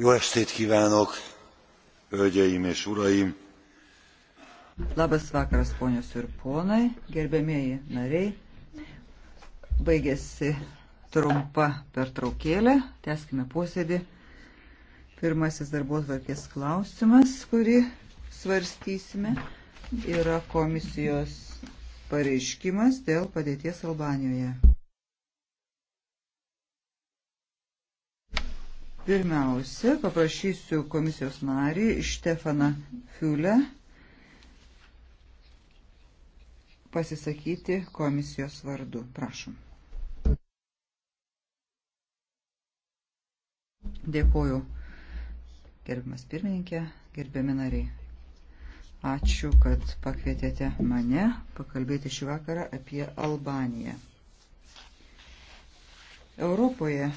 Jó estét kívánok, hölgyeim és uraim! Labas vakaras, ponios ir ponai, gerbėmieji nariai. Baigėsi trumpa pertraukėlė, teskime posėdį. Pirmasis darbos varkės klausimas, kurį svarstysime, yra komisijos pareiškimas dėl padėties Albanijoje. Pirmiausia, paprašysiu komisijos narį Štefaną Fiulę pasisakyti komisijos vardu. Prašom. Dėkuoju, gerbimas pirmininkė, gerbiami nariai. Ačiū, kad pakvietėte mane pakalbėti šį vakarą apie Albaniją. Europoje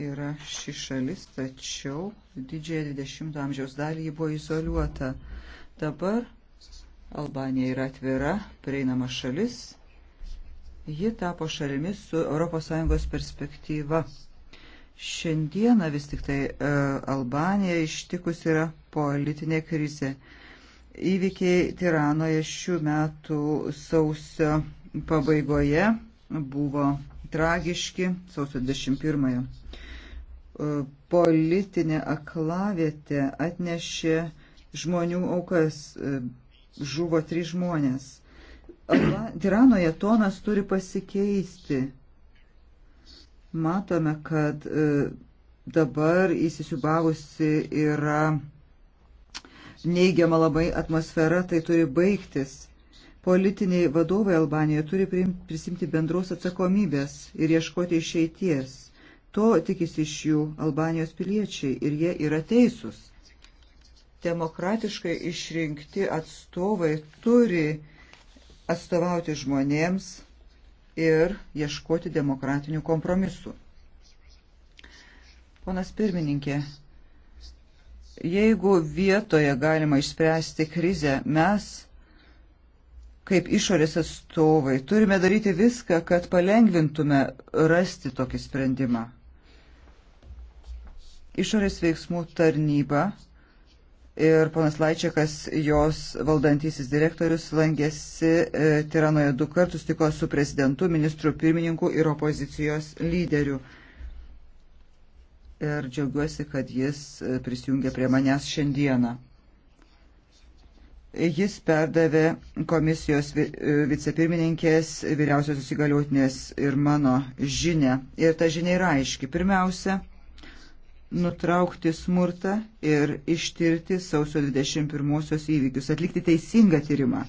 yra ši šalis, tačiau didžiąją 20-ojo amžiaus dalį ji buvo izoliuota. Dabar Albanija yra atvira, prieinama šalis. Ji tapo šalimi su ES perspektyva. Šiandieną vis tik tai e, Albanija ištikus yra politinė krizė. Įvykiai Tiranoje šių metų sausio pabaigoje buvo tragiški sausio 21. -ąją. E, politinė aklavietė atnešė žmonių aukas, e, žuvo trys žmonės. Iranoje tonas turi pasikeisti. Matome, kad e, dabar įsisiubavusi yra neigiama labai atmosfera, tai turi baigtis. Politiniai vadovai Albanijoje turi prisimti bendros atsakomybės ir ieškoti išeities. To tikisi iš jų Albanijos piliečiai ir jie yra teisūs. Demokratiškai išrinkti atstovai turi atstovauti žmonėms ir ieškoti demokratinių kompromisų. Ponas pirmininkė, jeigu vietoje galima išspręsti krizę, mes kaip išorės atstovai turime daryti viską, kad palengvintume rasti tokį sprendimą. Išorės veiksmų tarnyba ir ponas Laičiakas, jos valdantysis direktorius, langėsi e, Tiranoje du kartus, tiko su prezidentu, ministru pirmininku ir opozicijos lyderiu. Ir džiaugiuosi, kad jis e, prisijungė prie manęs šiandieną. Jis perdavė komisijos e, vicepirmininkės, vyriausios įsigaliotinės ir mano žinę. Ir ta žinia yra aiški. Pirmiausia, nutraukti smurtą ir ištirti sausio 21-osios įvykius, atlikti teisingą tyrimą.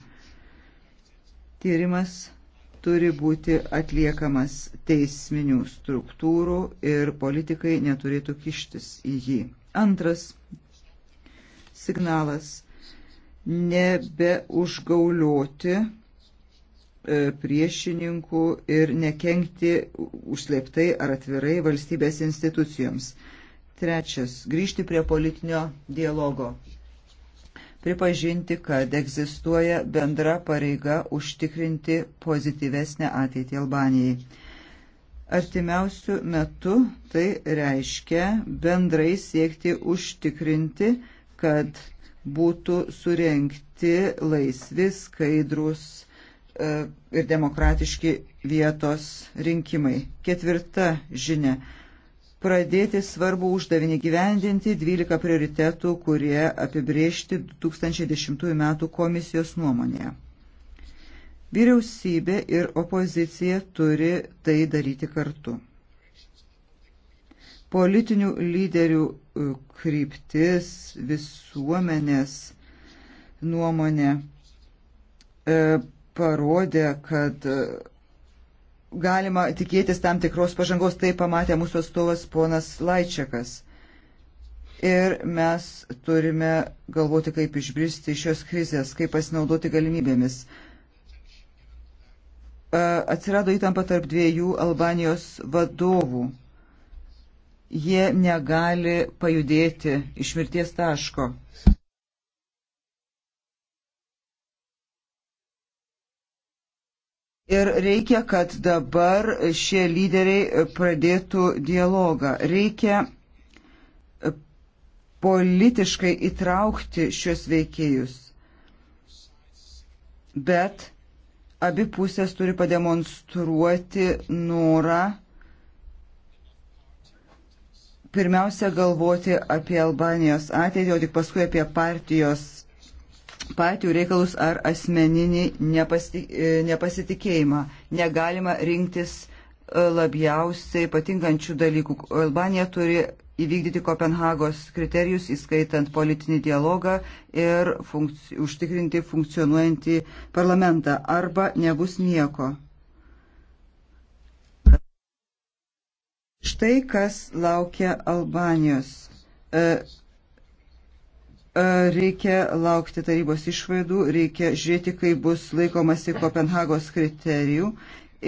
Tyrimas turi būti atliekamas teisminių struktūrų ir politikai neturėtų kištis į jį. Antras signalas - nebeužgaulioti e, priešininkų ir nekenkti užsleptai ar atvirai valstybės institucijoms. Trečias - grįžti prie politinio dialogo. Pripažinti, kad egzistuoja bendra pareiga užtikrinti pozityvesnę ateitį Albanijai. Artimiausių metų tai reiškia bendrai siekti užtikrinti, kad būtų surenkti laisvi, skaidrus e, ir demokratiški vietos rinkimai. Ketvirta žinia pradėti svarbų uždavinį gyvendinti 12 prioritetų, kurie apibriežti 2010 m. komisijos nuomonėje. Vyriausybė ir opozicija turi tai daryti kartu. Politinių lyderių e, kryptis, visuomenės nuomonė e, parodė, kad e, galima tikėtis tam tikros pažangos, tai pamatė mūsų atstovas ponas Laičiakas. Ir mes turime galvoti, kaip išbristi iš šios krizės, kaip pasinaudoti galimybėmis. E, atsirado įtampa tarp dviejų Albanijos vadovų. Jie negali pajudėti iš mirties taško. Ir reikia, kad dabar šie lyderiai pradėtų dialogą. Reikia politiškai įtraukti šios veikėjus. Bet abi pusės turi pademonstruoti norą pirmiausia galvoti apie Albanijos ateitį, o tik paskui apie partijos patijų reikalus ar asmeninį nepasi, e, nepasitikėjimą. Negalima rinktis e, labiausiai patinkančių dalykų. Albanija turi įvykdyti Kopenhagos kriterijus, įskaitant politinį dialogą ir funkci užtikrinti funkcionuojantį parlamentą. Arba nebus nieko. Štai kas laukia Albanijos. E, E, reikia laukti tarybos išvaidų, reikia žiūrėti, kaip bus laikomasi Kopenhagos kriterijų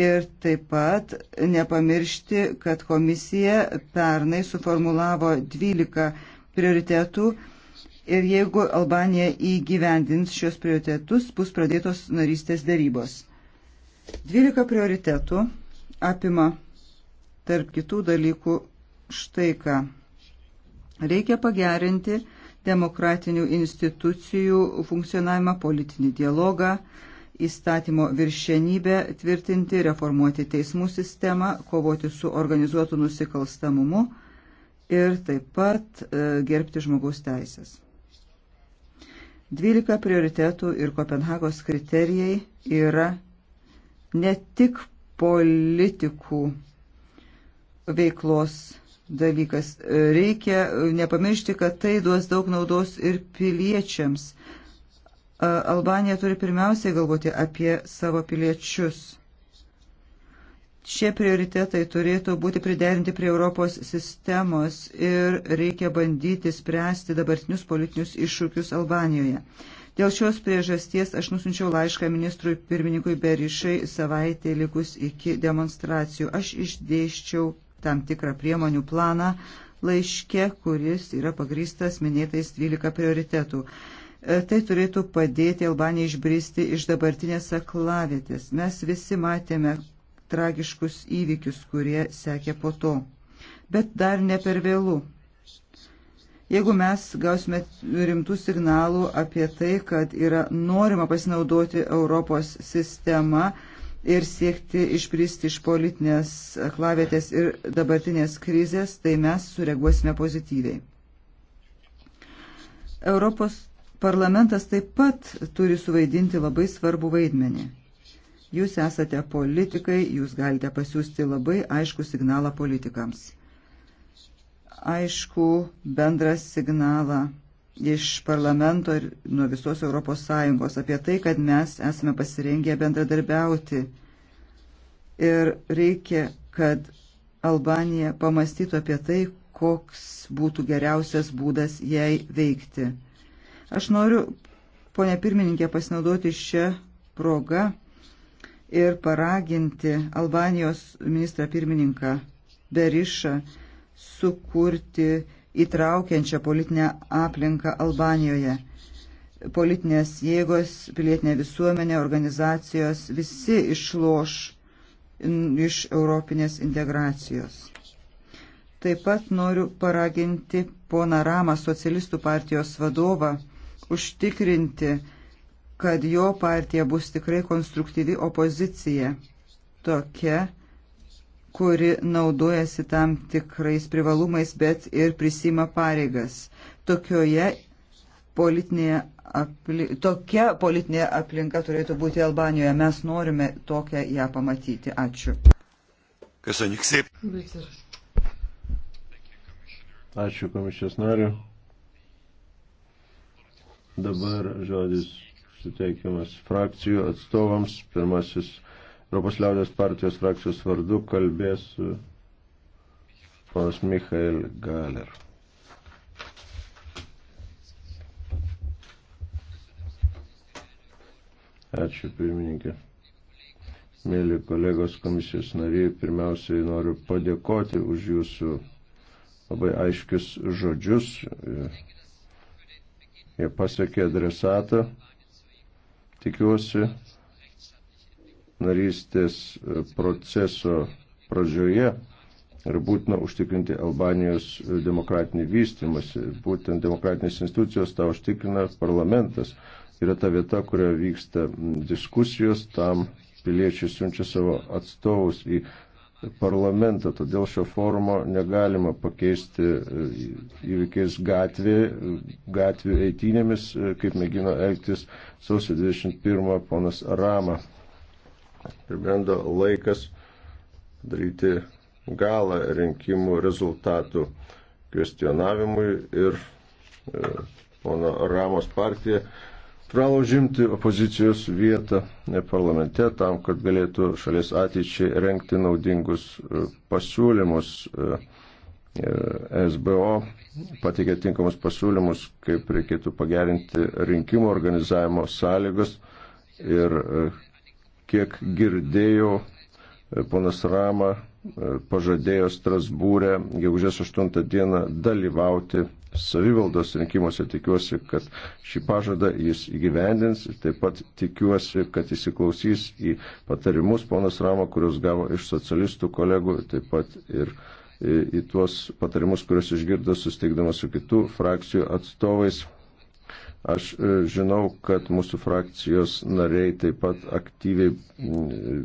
ir taip pat nepamiršti, kad komisija pernai suformulavo 12 prioritetų ir jeigu Albanija įgyvendins šios prioritetus, bus pradėtos narystės darybos. 12 prioritetų apima tarp kitų dalykų štai ką. Reikia pagerinti demokratinių institucijų funkcionavimą, politinį dialogą, įstatymo viršenybę tvirtinti, reformuoti teismų sistemą, kovoti su organizuotu nusikalstamumu ir taip pat e, gerbti žmogaus teisės. 12 prioritetų ir Kopenhagos kriterijai yra ne tik politikų veiklos dalykas. Reikia nepamiršti, kad tai duos daug naudos ir piliečiams. Albanija turi pirmiausiai galvoti apie savo piliečius. Šie prioritetai turėtų būti priderinti prie Europos sistemos ir reikia bandyti spręsti dabartinius politinius iššūkius Albanijoje. Dėl šios priežasties aš nusinčiau laišką ministrui pirmininkui Berišai savaitė likus iki demonstracijų. Aš išdėščiau tam tikrą priemonių planą laiške, kuris yra pagrįstas minėtais 12 prioritetų. E, tai turėtų padėti Albanijai išbristi iš dabartinės aklavietės. Mes visi matėme tragiškus įvykius, kurie sekė po to. Bet dar ne per vėlų. Jeigu mes gausime rimtų signalų apie tai, kad yra norima pasinaudoti Europos sistema, ir siekti išpristi iš politinės klavėtės ir dabartinės krizės, tai mes sureaguosime pozityviai. Europos parlamentas taip pat turi suvaidinti labai svarbų vaidmenį. Jūs esate politikai, jūs galite pasiūsti labai aišku signalą politikams. Aišku, bendras signalą iš parlamento ir nuo visos Europos Sąjungos apie tai, kad mes esame pasirengę bendradarbiauti ir reikia, kad Albanija pamastytų apie tai, koks būtų geriausias būdas jai veikti. Aš noriu, ponė pirmininkė, pasinaudoti šią progą ir paraginti Albanijos ministrą pirmininką Berišą sukurti įtraukiančią politinę aplinką Albanijoje. Politinės jėgos, pilietinė visuomenė, organizacijos, visi išloš iš europinės integracijos. Taip pat noriu paraginti poną Ramą, socialistų partijos vadovą, užtikrinti, kad jo partija bus tikrai konstruktyvi opozicija, tokia, kuri naudojasi tam tikrais privalumais, bet ir prisima pareigas. Tokioje politinė apli... tokia politinė aplinka turėtų būti Albanijoje. Mes norime tokią ją pamatyti. Ačiū. Kas aniksė? Ačiū komisijos nariu. Dabar žodis suteikiamas frakcijų atstovams. Pirmasis Europos liaudės partijos frakcijos vardu kalbės uh, ponas Michael Galer. Ačiū pirmininkė. Mėly kolegos komisijos nariai, pirmiausiai noriu padėkoti už jūsų labai aiškius žodžius. Jie pasiekė adresatą. Tikiuosi, narystės proceso pradžioje ir būtina užtikrinti Albanijos demokratinį vystimąsi. Būtent demokratinės institucijos tą užtikrina parlamentas yra ta vieta, kurioje vyksta diskusijos, tam piliečiai siunčia savo atstovus į parlamentą, todėl šio forumo negalima pakeisti e, įvykiais gatvė, gatvių eitynėmis, e, kaip mėgino elgtis sausio 21 ponas Rama. Pribrendo laikas daryti galą rinkimų rezultatų kvestionavimui ir e, pono Ramos partija privalo užimti opozicijos vietą parlamente tam, kad galėtų šalies ateičiai renkti naudingus e, pasiūlymus. E, e, SBO pateikė tinkamus pasiūlymus, kaip reikėtų pagerinti rinkimų organizavimo sąlygas ir kiek girdėjau, ponas Rama pažadėjo Strasbūrė gegužės 8 dieną dalyvauti savivaldos rinkimuose. Tikiuosi, kad šį pažadą jis įgyvendins ir taip pat tikiuosi, kad įsiklausys į patarimus ponas Rama, kuriuos gavo iš socialistų kolegų, taip pat ir į tuos patarimus, kuriuos išgirdo susteikdamas su kitų frakcijų atstovais. Aš e, žinau, kad mūsų frakcijos nariai taip pat aktyviai mm,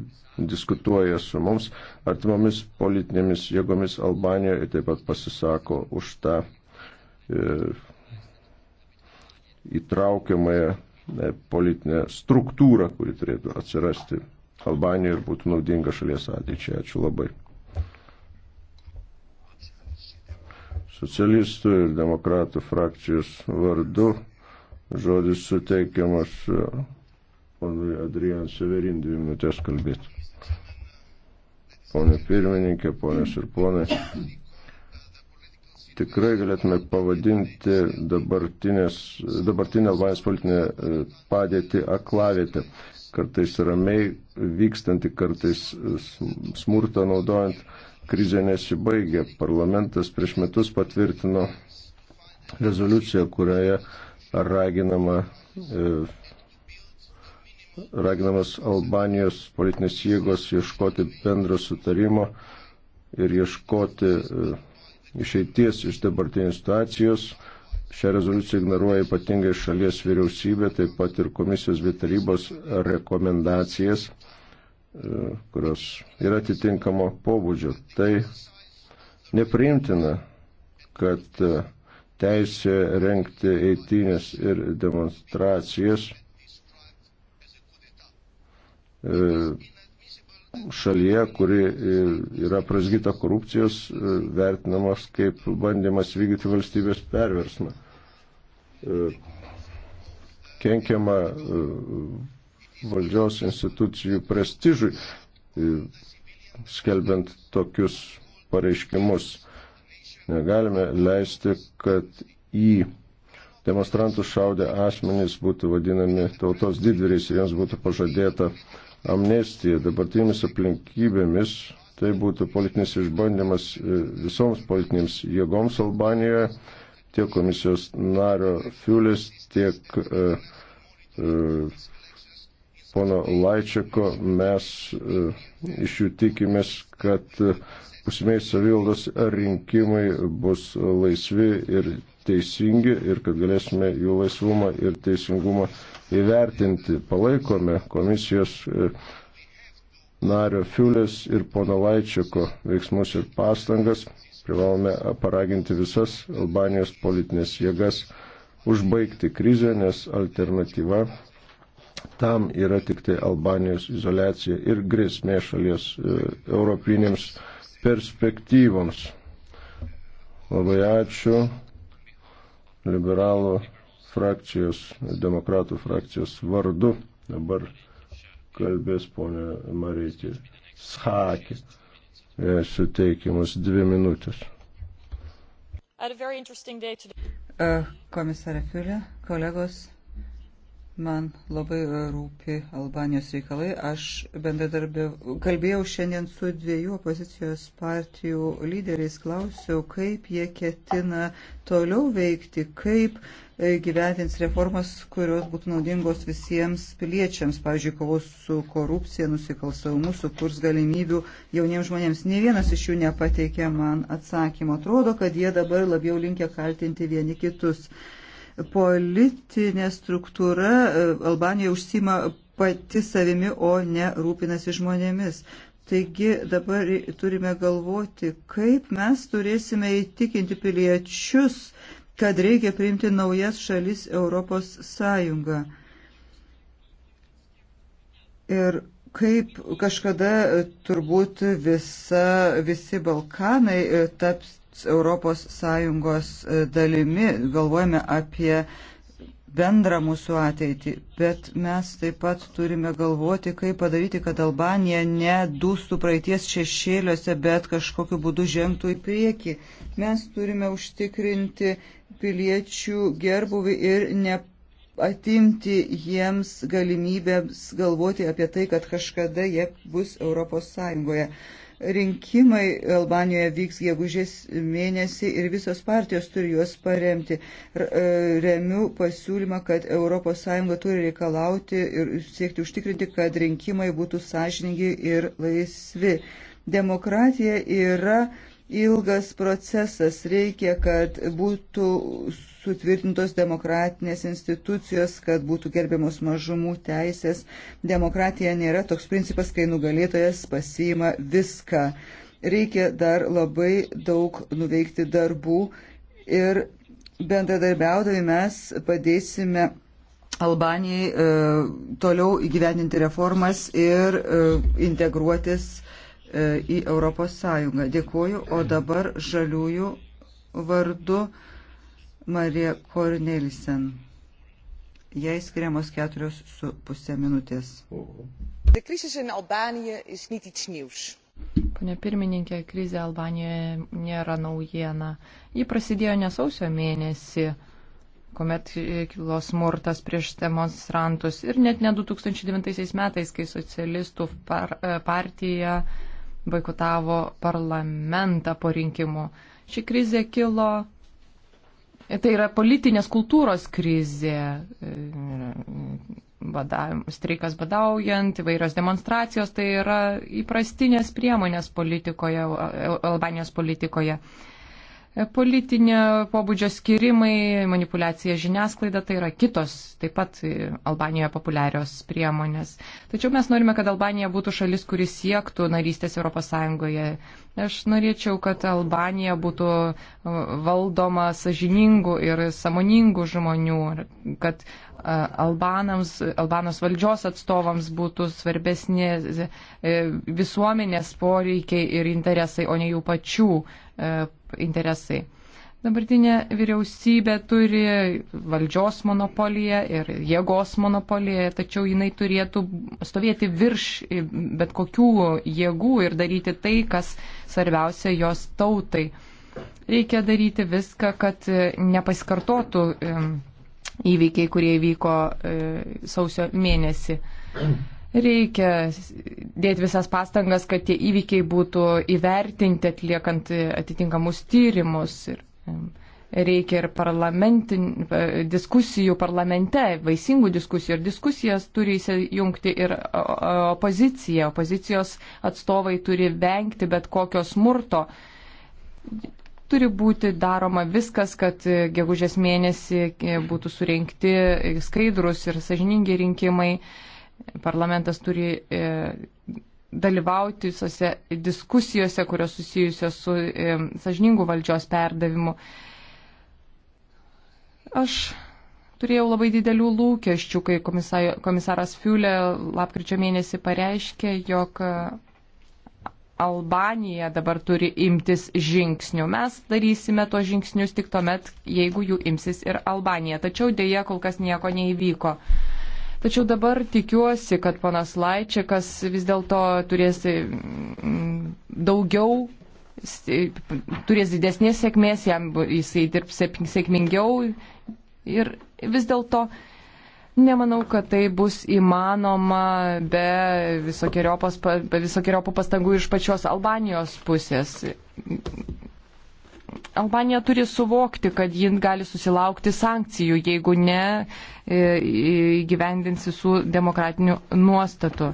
diskutuoja su mums artimomis politinėmis jėgomis Albanijoje ir taip pat pasisako už tą E, įtraukiamąją e, politinę struktūrą, kuri turėtų atsirasti Albanijoje ir būtų naudinga šalies ateičiai. Ačiū labai. Socialistų ir demokratų frakcijos vardu žodis suteikiamas e, ponui Adrian Severin dvi minutės kalbėti. Pone pirmininkė, ponės ir ponai tikrai galėtume pavadinti dabartinę Albanijos politinę e, padėtį aklavietę. Kartais ramiai vykstanti, kartais e, smurtą naudojant, krizė nesibaigia. Parlamentas prieš metus patvirtino rezoliuciją, kurioje raginama, e, raginamas Albanijos politinės jėgos ieškoti bendro sutarimo ir ieškoti išeities iš dabartinės situacijos. Šią rezoliuciją ignoruoja ypatingai šalies vyriausybė, taip pat ir komisijos bei tarybos rekomendacijas, e, kurios yra atitinkamo pobūdžio. Tai nepriimtina, kad e, teisė renkti eitynės ir demonstracijas e, šalyje, kuri yra prasgyta korupcijos, vertinamas kaip bandymas vykdyti valstybės perversmą. Kenkiama valdžios institucijų prestižui, skelbiant tokius pareiškimus. Negalime leisti, kad į demonstrantus šaudę asmenys būtų vadinami tautos didvyriais ir jiems būtų pažadėta uh, amnestija dabartinėmis aplinkybėmis. Tai būtų politinis išbandymas e, visoms politinėms jėgoms Albanijoje, tiek komisijos nario Fiulis, tiek uh, uh, pono Laičiako. Mes uh, iš jų tikimės, kad uh, pusimiai savivaldos rinkimai bus laisvi ir teisingi ir kad galėsime jų laisvumą ir teisingumą įvertinti. Palaikome komisijos e, nario Fiulės ir pono Laičiako veiksmus ir pastangas. Privalome paraginti visas Albanijos politinės jėgas užbaigti krizę, nes alternatyva tam yra tik tai Albanijos izolacija ir grėsmė šalies e, europinėms perspektyvoms. Labai ačiū liberalų frakcijos, demokratų frakcijos vardu. Dabar kalbės ponė Marytė Schakė. Jai e, suteikimas dvi minutės. E, komisarė Fiulė, kolegos, Man labai rūpi Albanijos reikalai. Aš bendradarbiavau, kalbėjau šiandien su dviejų opozicijos partijų lyderiais, klausiau, kaip jie ketina toliau veikti, kaip e, gyventins reformas, kurios būtų naudingos visiems piliečiams, pavyzdžiui, kovos su korupcija, nusikalstavumu, sukurs galimybių jauniems žmonėms. Ne vienas iš jų nepateikė man atsakymo. Atrodo, kad jie dabar labiau linkia kaltinti vieni kitus politinė struktūra e, Albanijoje užsima pati savimi, o ne rūpinasi žmonėmis. Taigi dabar turime galvoti, kaip mes turėsime įtikinti piliečius, kad reikia priimti naujas šalis Europos Sąjungą. Ir kaip kažkada turbūt visa, visi Balkanai e, taps ES e, dalimi, galvojame apie bendrą mūsų ateitį, bet mes taip pat turime galvoti, kaip padaryti, kad Albanija nedūstų praeities šešėliuose, bet kažkokiu būdu žengtų į priekį. Mes turime užtikrinti piliečių gerbuvi ir ne atimti jiems galimybėms galvoti apie tai, kad kažkada jie bus Europos Sąjungoje. Rinkimai Albanijoje vyks gegužės mėnesį ir visos partijos turi juos paremti. E, remiu pasiūlymą, kad ES turi reikalauti ir siekti užtikrinti, kad rinkimai būtų sąžiningi ir laisvi. Demokratija yra ilgas procesas, reikia, kad būtų būtų tvirtintos demokratinės institucijos, kad būtų gerbiamos mažumų teisės. Demokratija nėra toks principas, kai nugalėtojas pasiima viską. Reikia dar labai daug nuveikti darbų ir bendradarbiaudami mes padėsime Albanijai e, toliau įgyveninti reformas ir e, integruotis e, į Europos Sąjungą. Dėkuoju, o dabar žaliųjų vardu Marija Kornelisen. Jai skiriamos keturios su pusė minutės. De crisis in Albanië is niet iets nieuws. Pane pirmininkė, krizė Albanijoje nėra naujiena. Ji prasidėjo nesausio mėnesį, kuomet e, kilo smurtas prieš demonstrantus ir net ne 2009 metais, kai socialistų par e, partija boikotavo parlamentą po rinkimų. Ši krizė kilo Tai yra politinės kultūros krizė, e, badavim, streikas badaujant, įvairios demonstracijos, tai yra įprastinės priemonės politikoje, Albanijos politikoje. politikoje politinio pobūdžio skirimai, manipulacija žiniasklaida, tai yra kitos taip pat e, Albanijoje populiarios priemonės. Tačiau mes norime, kad Albanija būtų šalis, kuris siektų narystės ES. Aš norėčiau, kad Albanija būtų e, valdoma sažiningų ir samoningų žmonių, kad Albanams, Albanos valdžios atstovams būtų svarbesni e, visuomenės poreikiai ir interesai, o ne jų pačių e, interesai. Dabartinė vyriausybė turi valdžios monopoliją ir jėgos monopoliją, tačiau jinai turėtų stovėti virš bet kokių jėgų ir daryti tai, kas svarbiausia jos tautai. Reikia daryti viską, kad e, nepasikartotų įvykiai, kurie įvyko e, sausio mėnesį. Reikia dėti visas pastangas, kad tie įvykiai būtų įvertinti atliekant atitinkamus tyrimus. Ir e, reikia ir e, diskusijų parlamente, vaisingų diskusijų. Ir diskusijas turi įsijungti ir opozicija. Opozicijos atstovai turi vengti bet kokio smurto turi būti daroma viskas, kad e, gegužės mėnesį e, būtų surinkti e, skaidrus ir sažiningi rinkimai. Parlamentas turi dalyvauti visose diskusijose, kurios susijusios su sažiningų valdžios perdavimu. Aš turėjau labai didelių lūkesčių, kai komisaras Fiulė lapkričio mėnesį pareiškė, jog Albanija dabar turi imtis žingsnių. Mes darysime tos žingsnius tik tuomet, jeigu jų imsis ir Albanija. Tačiau dėja kol kas nieko neįvyko. Tačiau dabar tikiuosi, kad ponas Laičiakas vis dėlto turės mm, daugiau, turės didesnės sėkmės, jam jisai dirbs sėkmingiau ir vis dėlto Nemanau, kad tai bus įmanoma be visokiojopų pastangų iš pačios Albanijos pusės. Albanija turi suvokti, kad jin gali susilaukti sankcijų, jeigu ne e, gyvendins visų demokratinių nuostatų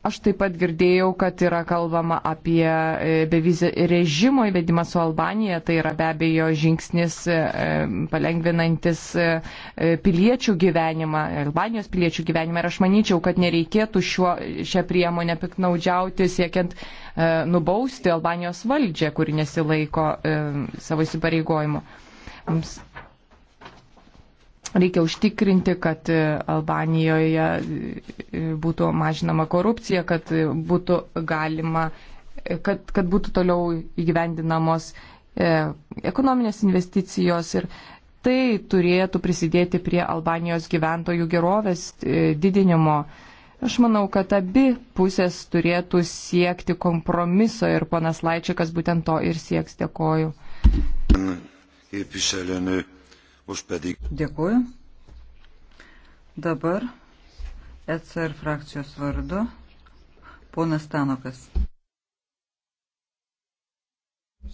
Aš taip pat girdėjau, kad yra kalbama apie e, bevizį režimo įvedimą su Albanija. Tai yra be abejo žingsnis e, palengvinantis e, piliečių gyvenimą, Albanijos piliečių gyvenimą. Ir aš manyčiau, kad nereikėtų šiuo, šią priemonę piknaudžiauti siekiant nubausti Albanijos valdžią, kuri nesilaiko savo įsipareigojimo. Mums Reikia užtikrinti, kad Albanijoje būtų mažinama korupcija, kad būtų galima, kad, kad būtų toliau įgyvendinamos e, ekonominės investicijos ir tai turėtų prisidėti prie Albanijos gyventojų gerovės e, didinimo. Aš manau, kad abi pusės turėtų siekti kompromiso ir ponas Laičiakas būtent to ir sieks. Dėkoju. Dėkuoju. Dabar ECR frakcijos vardu ponas Tanokas.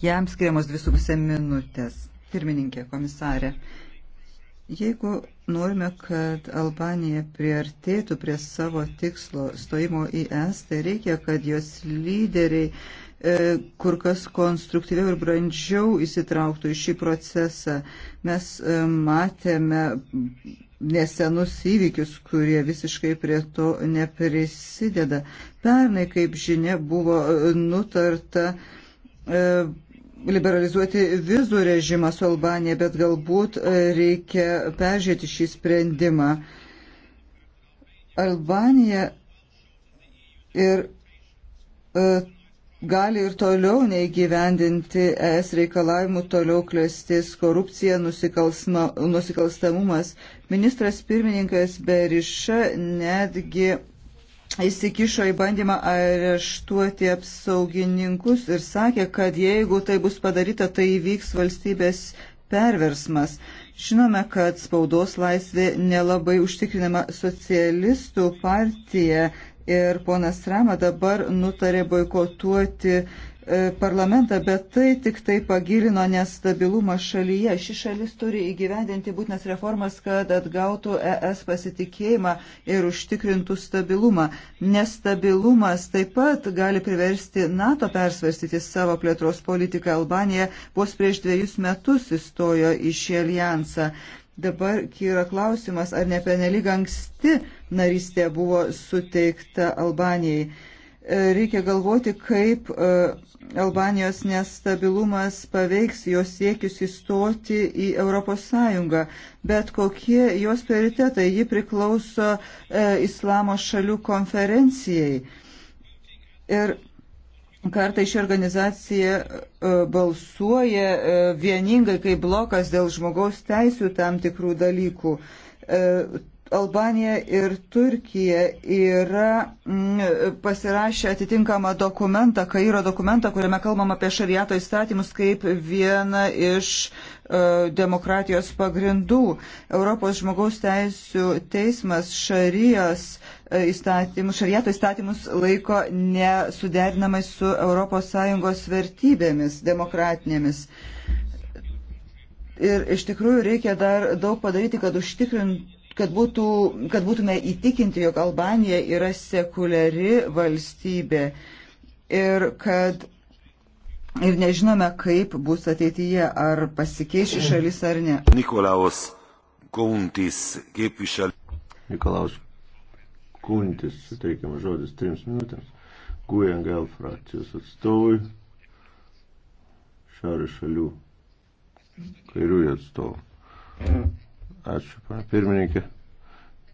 Jam skiriamos dvi su pusė minutės. Pirmininkė, komisarė. Jeigu norime, kad Albanija priartėtų prie savo tikslo stojimo į es, tai reikia, kad jos lyderiai E, kur kas konstruktyviau ir brandžiau įsitrauktų į šį procesą. Mes e, matėme nesenus įvykius, kurie visiškai prie to neprisideda. Pernai, kaip žinia, buvo e, nutarta liberalizuoti vizų režimą su Albanija, bet galbūt reikia peržiūrėti šį sprendimą. Albanija ir gali ir toliau neįgyvendinti ES reikalavimų, toliau klėstis korupcija, nusikalstamumas. Ministras pirmininkas Beriša netgi įsikišo į bandymą areštuoti apsaugininkus ir sakė, kad jeigu tai bus padaryta, tai įvyks valstybės perversmas. Žinome, kad spaudos laisvė nelabai užtikrinama socialistų partija ir ponas Rama dabar nutarė boikotuoti e, parlamentą, bet tai tik tai pagilino nestabilumą šalyje. Ši šalis turi įgyvendinti būtinas reformas, kad atgautų ES pasitikėjimą ir užtikrintų stabilumą. Nestabilumas taip pat gali priversti NATO persvarstyti savo plėtros politiką. Albanija vos prieš dviejus metus įstojo į šį alijansą. Dabar kyra klausimas, ar ne penelyg anksti narystė buvo suteikta Albanijai. E, reikia galvoti, kaip e, Albanijos nestabilumas paveiks jos siekius įstoti į ES, bet kokie jos prioritetai, ji priklauso e, Islamo šalių konferencijai. Ir kartą ši organizacija e, balsuoja e, vieningai kaip blokas dėl žmogaus teisų tam tikrų dalykų. E, Albanija ir Turkija yra mm, pasirašę atitinkamą dokumentą, Kairo dokumentą, kuriame kalbam apie šariato įstatymus kaip vieną iš demokratijos pagrindų. Europos žmogaus teisų teismas šarijos uh, E, įstatymus, šarieto įstatymus laiko nesuderinamai su ES vertybėmis demokratinėmis. Ir iš tikrųjų reikia dar daug padaryti, kad užtikrint kad, būtų, kad būtume įtikinti, jog Albanija yra sekuliari valstybė ir kad ir nežinome, kaip bus ateityje, ar pasikeis šis šalis ar ne. Nikolaus Kauntis, kaip iš šalies. Nikolaus Kuntis, suteikiamas žodis trims minutėms, GUNGL frakcijos atstovui, šiaurės šalių kairiųjų atstovų. Ačiū, pana pirmininkė,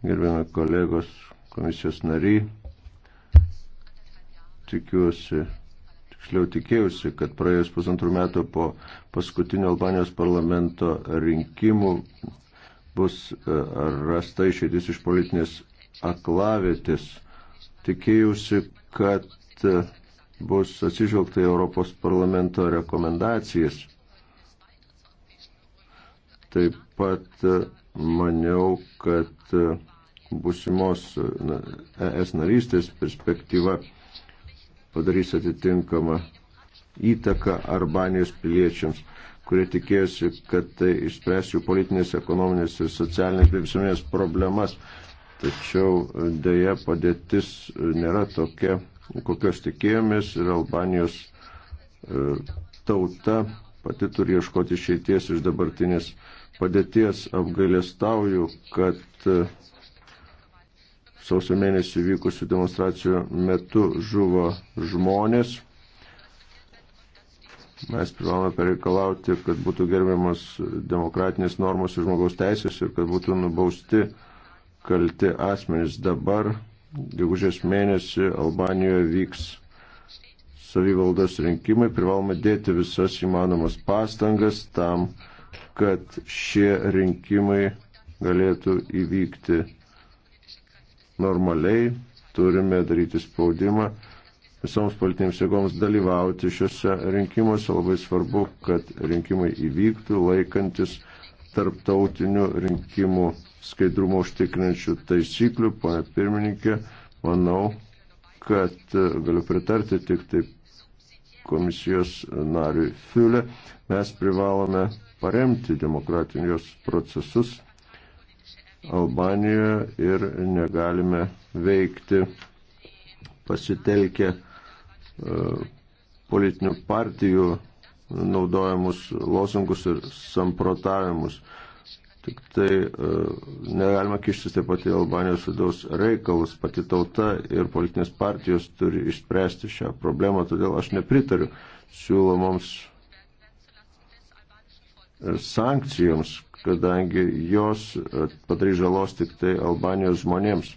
gerbiami kolegos, komisijos nariai. Tikiuosi, tiksliau tikėjusi, kad praėjus pusantrų metų po paskutinio Albanijos parlamento rinkimų bus e, rasta išėtis iš politinės aklavėtis. Tikėjusi, kad bus atsižvelgta į Europos parlamento rekomendacijas. Taip pat maniau, kad busimos ES narystės perspektyva padarys atitinkamą įtaką Arbanijos piliečiams, kurie tikėjosi, kad tai išspręs jų politinės, ekonominės ir socialinės bei visuomenės problemas. Tačiau e, dėja padėtis e, nėra tokia, kokios tikėjomės ir Albanijos e, tauta pati turi ieškoti išeities iš dabartinės padėties. Apgailestauju, kad sausio mėnesį vykusių demonstracijų metu žuvo žmonės. Mes privalome pareikalauti, kad būtų gerbiamas demokratinės normos ir žmogaus teisės ir kad būtų nubausti uh, kalti asmenys. Dabar, gegužės mėnesį, Albanijoje vyks savivaldos rinkimai. Privalome dėti visas įmanomas pastangas tam, kad šie rinkimai galėtų įvykti normaliai. Turime daryti spaudimą visoms politinėms jėgoms dalyvauti šiuose rinkimuose. Labai svarbu, kad rinkimai įvyktų laikantis tarptautinių rinkimų skaidrumo užtikrinančių taisyklių, ponė pirmininkė, manau, kad e, galiu pritarti tik taip komisijos nariui Fiulė, mes privalome paremti demokratinius procesus Albanijoje ir negalime veikti pasitelkę e, politinių partijų naudojamus lozungus ir samprotavimus. Tik tai e, negalima kištis taip pat į Albanijos vidaus reikalus. Pati tauta ir politinės partijos turi išspręsti šią problemą, todėl aš nepritariu siūlomoms e, sankcijoms, kadangi jos e, padarys žalos tik tai Albanijos žmonėms.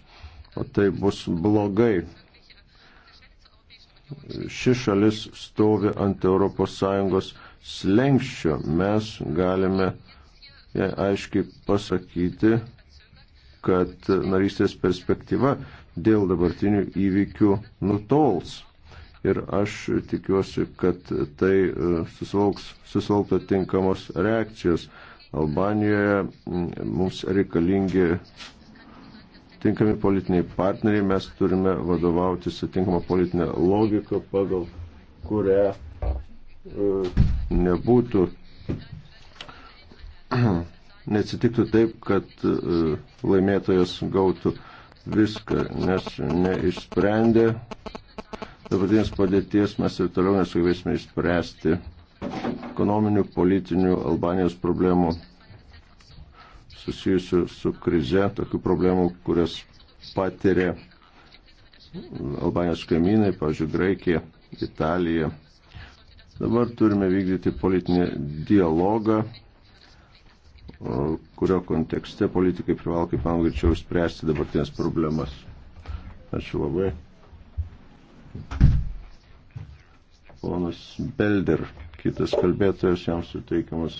O tai bus blogai ši šalis stovi ant ES slengščio. Mes galime jai aiškiai pasakyti, kad narystės perspektyva dėl dabartinių įvykių nutols. Ir aš tikiuosi, kad tai e, susilauks, susilaukto tinkamos reakcijos. Albanijoje mums reikalingi tinkami politiniai partneriai, mes turime vadovautis atitinkamą politinę logiką, pagal kurią e, nebūtų neatsitiktų taip, kad e, laimėtojas gautų viską, nes neišsprendė dabartinės padėties, mes ir toliau nesugebėsime išspręsti ekonominių, politinių Albanijos problemų susijusių su krize, tokių problemų, kurias patiria Albanijos kaimynai, pavyzdžiui, Graikija, Italija. Dabar turime vykdyti politinį dialogą kurio kontekste politikai privalo kaip man greičiau spręsti dabartinės problemas. Ačiū labai. Ponas Belder, kitas kalbėtojas, jam suteikiamas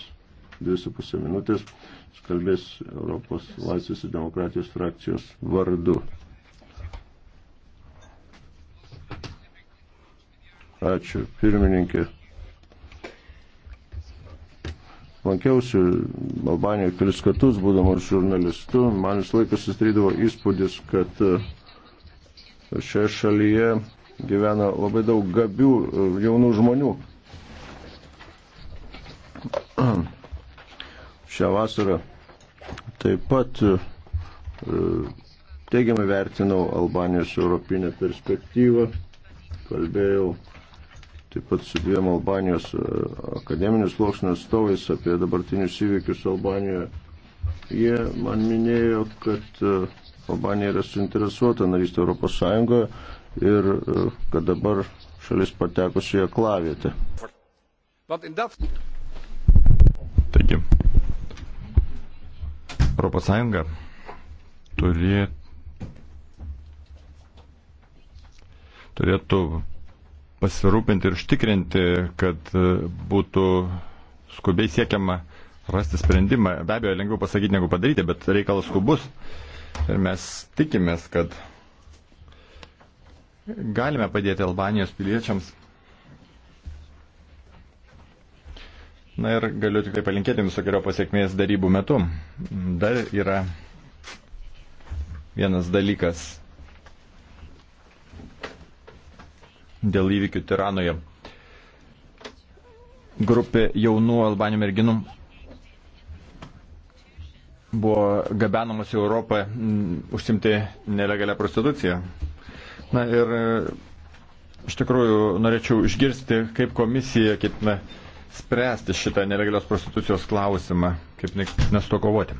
2,5 minutės, jis kalbės Europos laisvės ir demokratijos frakcijos vardu. Ačiū, pirmininkė lankiausi Albanijoje kelis kartus, būdamas žurnalistu, man vis laikas sustrydavo įspūdis, kad e, šioje šalyje gyvena labai daug gabių e, jaunų žmonių. Šią vasarą taip pat e, teigiamai vertinau Albanijos europinę perspektyvą, kalbėjau taip pat su dviem Albanijos e, akademinių sluoksnių atstovais apie dabartinius įvykius Albanijoje. Jie man minėjo, kad e, Albanija yra suinteresuota narystė Europos Sąjungoje ir e, kad dabar šalis patekusi į aklavietę. Taigi, Europos Sąjunga turėtų turėtų pasirūpinti ir užtikrinti, kad e, būtų skubiai siekiama rasti sprendimą. Be abejo, lengviau pasakyti negu padaryti, bet reikalas skubus. Ir mes tikimės, kad galime padėti Albanijos piliečiams. Na ir galiu tik tai palinkėti jums gerio pasiekmės darybų metu. Dar yra vienas dalykas dėl įvykių Tiranoje. Grupė jaunų albanių merginų buvo gabenamos į Europą mm, užsimti nelegalią prostituciją. Na ir e, iš tikrųjų norėčiau išgirsti, kaip komisija ketina spręsti šitą nelegalios prostitucijos klausimą, kaip nesutokovoti.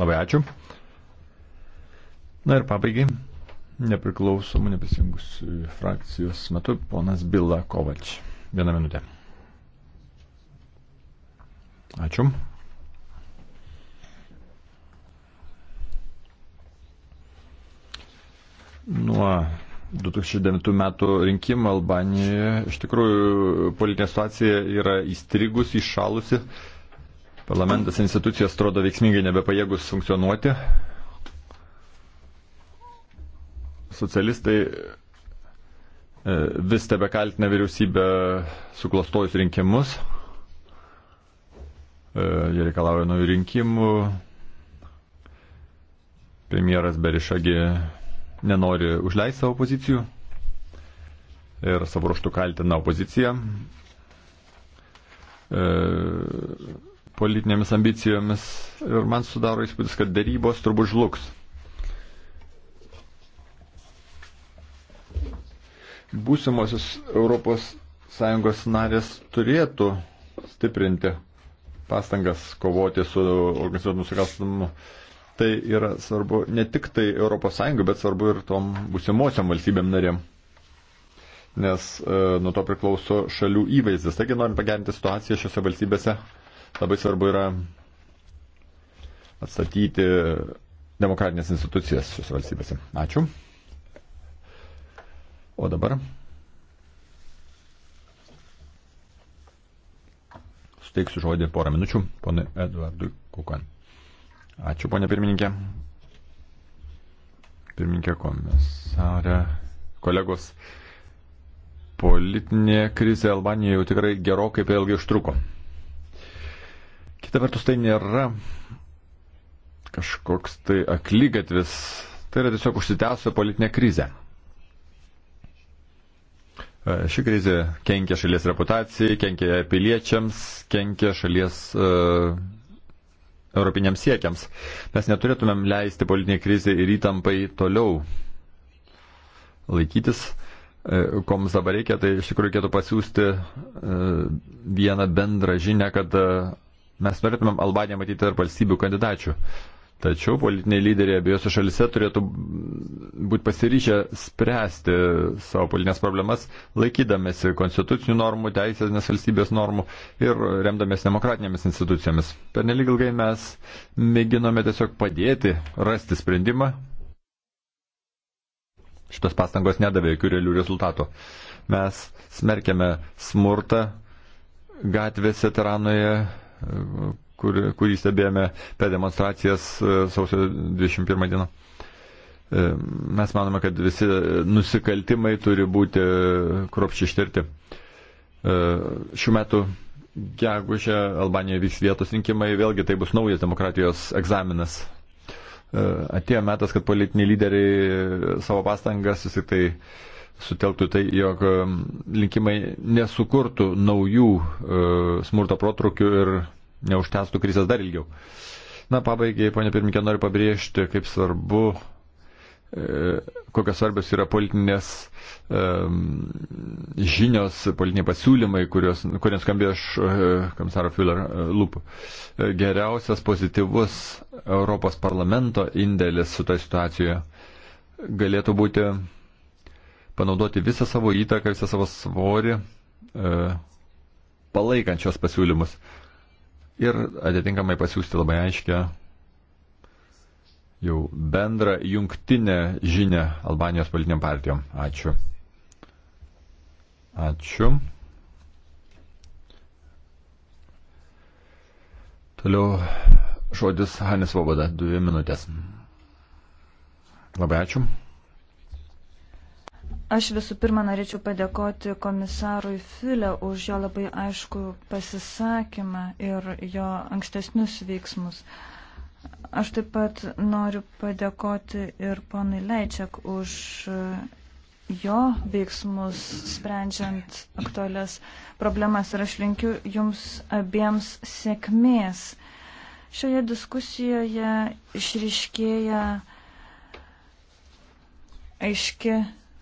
Labai ačiū. Na ir pabaigai nepriklausomų neprisijungusių frakcijos metu ponas Bila Kovač. Vieną minutę. Ačiū. Nuo 2009 metų rinkimų Albanijoje iš tikrųjų politinė situacija yra įstrigus, įšalusi. Parlamentas institucijos atrodo veiksmingai nebepajėgus funkcionuoti socialistai e, vis tebe kaltina vyriausybę suklastojus rinkimus. E, jie reikalauja naujų rinkimų. Premjeras Berišagi nenori užleisti savo pozicijų ir savo ruoštų kaltina opoziciją e, politinėmis ambicijomis. Ir man sudaro įspūdis, kad darybos turbūt žlugs. būsimosios ES narės turėtų stiprinti pastangas kovoti su organizuotų nusikalstamu. Tai yra svarbu ne tik tai ES, bet svarbu ir tom būsimosiam valstybėm narėm nes e, nuo to priklauso šalių įvaizdis. Taigi, norint pagerinti situaciją šiuose valstybėse, labai svarbu yra atstatyti demokratinės institucijas šiuose valstybėse. Ačiū. O dabar suteiksiu žodį porą minučių ponui Eduardui Kukan. Ačiū, ponė pirmininkė. Pirmininkė komisarė, kolegos. Politinė krizė Albanijoje jau tikrai gerokai per ilgai užtruko. Kita vertus, tai nėra kažkoks tai aklygatvis, tai yra tiesiog užsitęsio politinė krizė. E, ši krizė kenkia šalies reputacijai, kenkia piliečiams, kenkia šalies uh, europiniams siekiams. Mes neturėtumėm leisti politiniai krizė ir įtampai toliau laikytis. Uh, ko mums dabar reikia, tai iš tikrųjų reikėtų pasiūsti uh, vieną bendrą žinę, kad uh, mes norėtumėm Albaniją matyti tarp valstybių kandidačių. Uh, Tačiau politiniai lyderiai abiejose šalise turėtų būti pasiryžę spręsti savo politinės problemas, laikydamėsi konstitucinių normų, teisės valstybės normų ir remdamėsi demokratinėmis institucijomis. Per nelig ilgai mes mėginome tiesiog padėti rasti sprendimą. Šitos pastangos nedavė jokių realių rezultatų. Mes smerkėme smurtą gatvėse Tiranoje kur, kurį stebėjome per demonstracijas e, sausio 21 dieną. E, mes manome, kad visi nusikaltimai turi būti kruopščiai ištirti. E, šių metų gegužę Albanijoje vyks vietos rinkimai, vėlgi tai bus naujas demokratijos egzaminas. Atėjo metas, kad politiniai lyderiai savo pastangas vis tik tai sutelktų tai, jog linkimai nesukurtų naujų smurto protrukių ir neužtestų krizės dar ilgiau. Na, pabaigai, ponė pirmininkė, noriu pabrėžti, kaip svarbu, e, kokios svarbios yra politinės e, žinios, politiniai pasiūlymai, kurios, kuriems skambėjo iš e, komisaro Filler e, lūpų. E, geriausias pozityvus Europos parlamento indėlis šitoje situacijoje galėtų būti panaudoti visą savo įtaką, visą savo svorį e, palaikančios pasiūlymus ir atitinkamai pasiūsti labai aiškę jau bendrą jungtinę žinę Albanijos politiniam partijom. Ačiū. Ačiū. Toliau žodis Hanis Voboda, dvi minutės. Labai ačiū. Aš visų pirma norėčiau padėkoti komisarui Filė už jo labai aišku pasisakymą ir jo ankstesnius veiksmus. Aš taip pat noriu padėkoti ir ponui Leičiak už jo veiksmus sprendžiant aktualias problemas ir aš linkiu jums abiems sėkmės. Šioje diskusijoje išriškėja aiški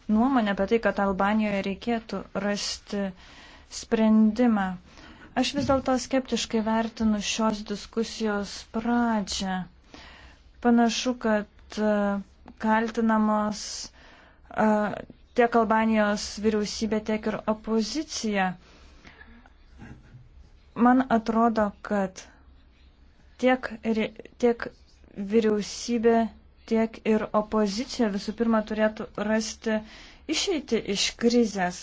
nuomonę apie tai, kad Albanijoje reikėtų rasti sprendimą. Aš vis dėlto skeptiškai vertinu šios diskusijos pradžią. Panašu, kad e, kaltinamos e, tiek Albanijos vyriausybė, tiek ir opozicija. Man atrodo, kad tiek, tiek vyriausybė, tiek ir opozicija visų pirma turėtų rasti išeiti iš krizės.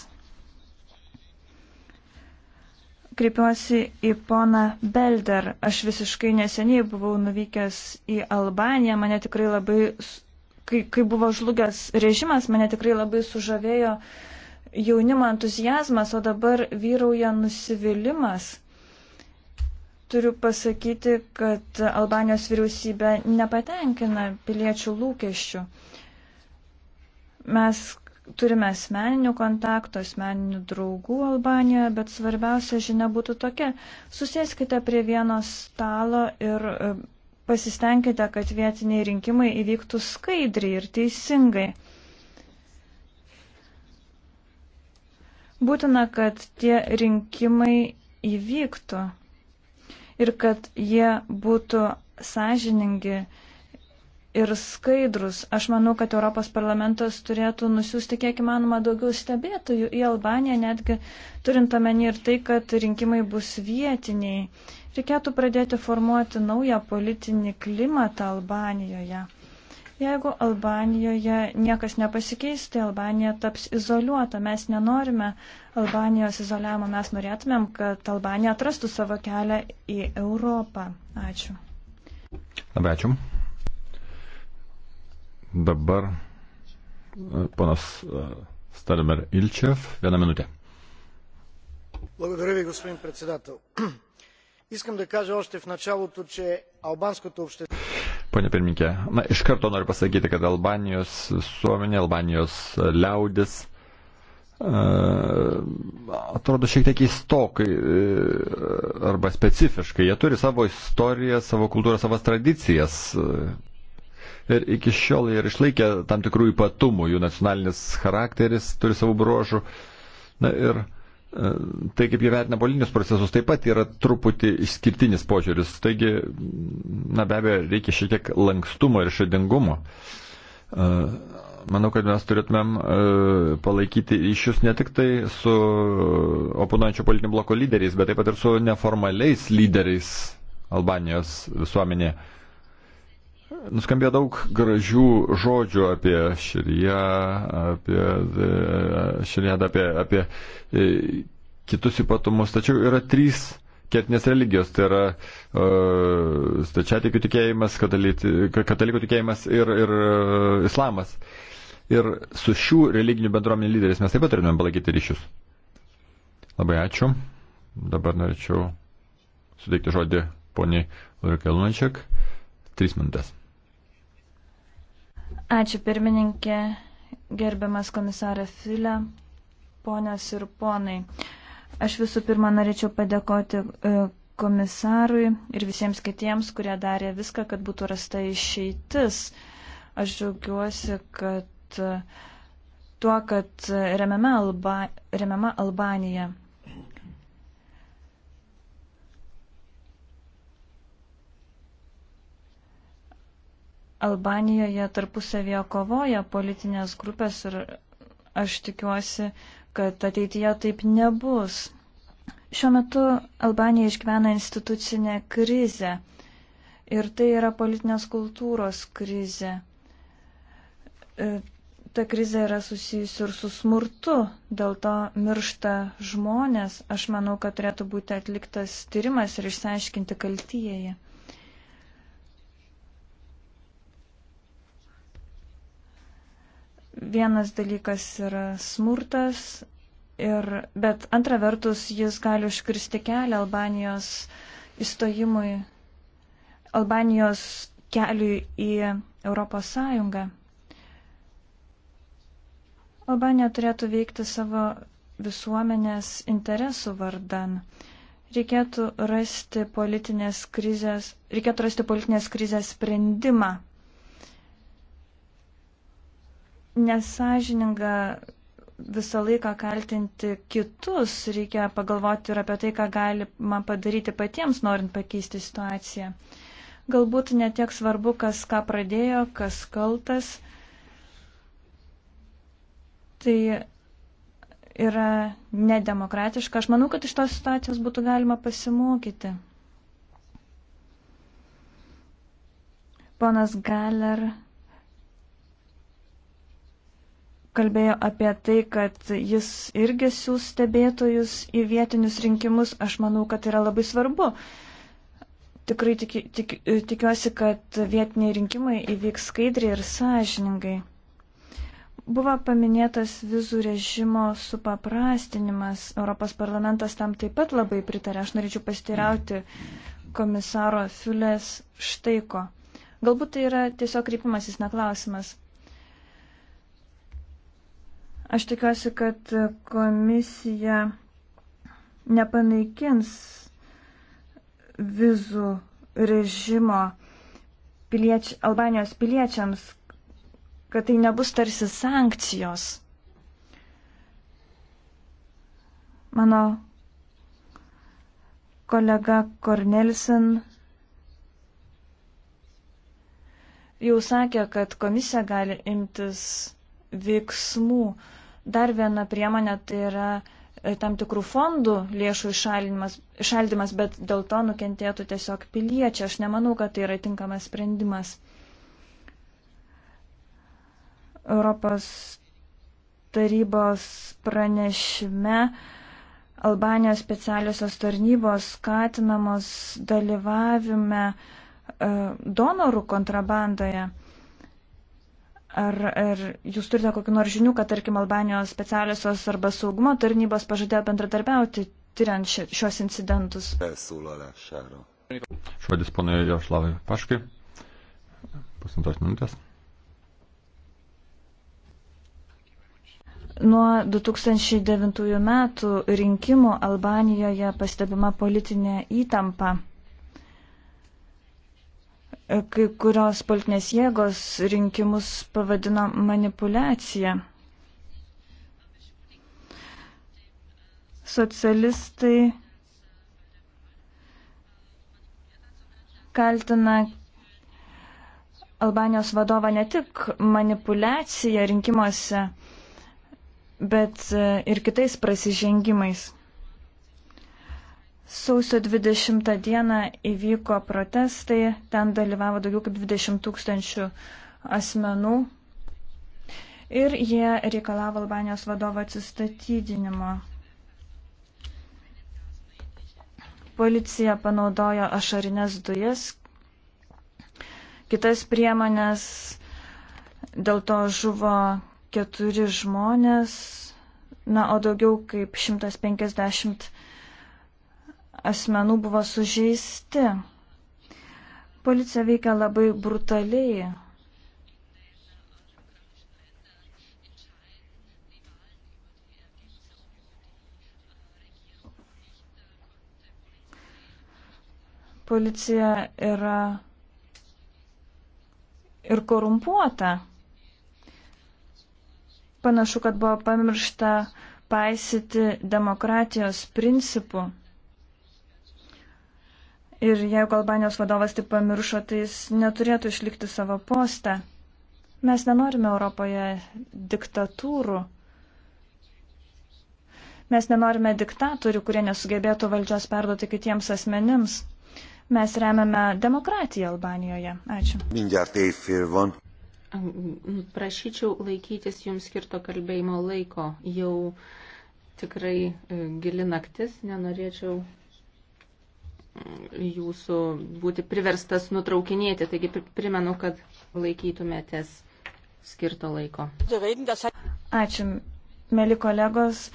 Kreipiuosi į poną Belder. Aš visiškai neseniai buvau nuvykęs į Albaniją. Mane tikrai labai, kai, kai buvo žlugęs režimas, mane tikrai labai sužavėjo jaunimo entuzijazmas, o dabar vyrauja nusivylimas turiu pasakyti, kad Albanijos vyriausybė nepatenkina piliečių lūkesčių. Mes turime asmeninių kontaktų, asmeninių draugų Albanijoje, bet svarbiausia žinia būtų tokia. Susėskite prie vieno stalo ir e, pasistengkite, kad vietiniai rinkimai įvyktų skaidriai ir teisingai. Būtina, kad tie rinkimai įvyktų ir kad jie būtų sąžiningi ir skaidrus. Aš manau, kad Europos parlamentas turėtų nusiųsti kiek įmanoma daugiau stebėtojų į Albaniją, netgi turint omeny ir tai, kad rinkimai bus vietiniai. Reikėtų pradėti formuoti naują politinį klimatą Albanijoje. Jeigu Albanijoje niekas nepasikeis, tai Albanija taps izoliuota. Mes nenorime Albanijos izoliavimo, mes norėtumėm, kad Albanija atrastų savo kelią į Europą. Ačiū. Labai ačiū. Dabar e, ponas e, Stalmer Ilčev, vieną minutę. Благодаря ви, господин председател. Искам да кажа още в началото, че албанското общество... Pone pirminkė, na, iš karto noriu pasakyti, kad Albanijos visuomenė, Albanijos liaudis e, atrodo šiek tiek įstokai e, arba specifiškai. Jie turi savo istoriją, savo kultūrą, savas tradicijas. Ir iki šiol jie ir išlaikė tam tikrų ypatumų, jų nacionalinis charakteris turi savo bruožų. Na ir uh, tai, kaip jie vertina politinius procesus, taip pat yra truputį išskirtinis požiūris. Taigi, na be abejo, reikia šiek tiek lankstumo ir šedingumo. E, manau, kad mes turėtumėm e, palaikyti ryšius ne tik tai su oponuojančio politinio bloko lyderiais, bet taip pat ir su neformaliais lyderiais Albanijos visuomenėje. Nuskambėjo daug gražių žodžių apie Širiją, apie e, Širijadą, apie, apie e, kitus ypatumus, tačiau yra trys kertinės religijos, tai yra uh, stačiatikių tikėjimas, katalikų tikėjimas ir, ir uh, islamas. Ir su šių religinių bendruomenių lyderiais mes taip pat turime palaikyti ryšius. Labai ačiū. Dabar norėčiau suteikti žodį poniai Ulrikai Lunačiak. Trys minutės. Ačiū pirmininkė, gerbiamas komisarė Filė, ponios ir ponai. Aš visų pirma norėčiau padėkoti e, komisarui ir visiems kitiems, kurie darė viską, kad būtų rasta išeitis. Aš džiaugiuosi, kad e, tuo, kad e, remiama, Alba, remiama Albanija. Albanijoje tarpusavėje kovoja politinės grupės ir aš tikiuosi, kad ateityje taip nebus. Šiuo metu Albanija išgyvena institucinę krizę ir tai yra politinės kultūros krizė. E, ta krizė yra susijusi ir su smurtu, dėl to miršta žmonės. Aš manau, kad turėtų būti atliktas tyrimas ir išsiaiškinti kaltieji. Vienas dalykas yra smurtas, ir, bet antra vertus jis gali užkirsti kelią Albanijos įstojimui, Albanijos keliui į Europos Sąjungą. Albanija turėtų veikti savo visuomenės interesų vardan. Reikėtų rasti politinės krizės, reikėtų rasti politinės krizės sprendimą nesažininga visą laiką kaltinti kitus, reikia pagalvoti ir apie tai, ką galima padaryti patiems, norint pakeisti situaciją. Galbūt netiek svarbu, kas ką pradėjo, kas kaltas. Tai yra nedemokratiška. Aš manau, kad iš tos situacijos būtų galima pasimokyti. Ponas Galer kalbėjo apie tai, kad jis irgi siūs stebėtojus į vietinius rinkimus. Aš manau, kad tai yra labai svarbu. Tikrai tik, tik, tikiuosi, kad vietiniai rinkimai įvyks skaidriai ir sąžiningai. Buvo paminėtas vizų režimo supaprastinimas. Europos parlamentas tam taip pat labai pritarė. Aš norėčiau pastirauti komisaro Fiulės štaiko. Galbūt tai yra tiesiog krypimasis, neklausimas. Aš tikiuosi, kad komisija nepanaikins vizų režimo pilieč, Albanijos piliečiams, kad tai nebus tarsi sankcijos. Mano kolega Kornelsen jau sakė, kad komisija gali imtis veiksmų Dar viena priemonė tai yra e, tam tikrų fondų lėšų išaldimas, bet dėl to nukentėtų tiesiog piliečiai. Aš nemanau, kad tai yra tinkamas sprendimas. Europos tarybos pranešime Albanijos specialiosios tarnybos skatinamos dalyvavime e, donorų kontrabandoje. Ar, ar jūs turite kokiu nors žinių, kad, tarkim, Albanijos specialiosios arba saugumo tarnybos pažadėjo bendradarbiauti, tyriant ši, šios incidentus? Švedis ponai Jašlavai Paškai, pusantros minutės. Nuo 2009 metų rinkimų Albanijoje pastebima politinė įtampa kai kurios politinės jėgos rinkimus pavadino manipulacija. Socialistai kaltina Albanijos vadovą ne tik manipulacija rinkimuose, bet ir kitais prasižengimais. Sausio 20 dieną įvyko protestai, ten dalyvavo daugiau kaip 20 tūkstančių asmenų ir jie reikalavo Albanijos vadovo atsistatydinimo. Policija panaudojo ašarinės dujas, kitas priemonės, dėl to žuvo keturi žmonės, na, o daugiau kaip 150 asmenų buvo sužeisti. Policija veikia labai brutaliai. Policija yra ir korumpuota. Panašu, kad buvo pamiršta paisyti demokratijos principų. Ir jeigu Albanijos vadovas tik pamiršo, tai jis neturėtų išlikti savo postą. Mes nenorime Europoje diktatūrų. Mes nenorime diktatorių, kurie nesugebėtų valdžios perduoti kitiems asmenims. Mes remiame demokratiją Albanijoje. Ačiū. Prašyčiau laikytis jums skirto kalbėjimo laiko. Jau tikrai e, gili naktis, nenorėčiau jūsų būti priverstas nutraukinėti. Taigi primenu, kad laikytumėtės skirto laiko. Ačiū, mėly kolegos.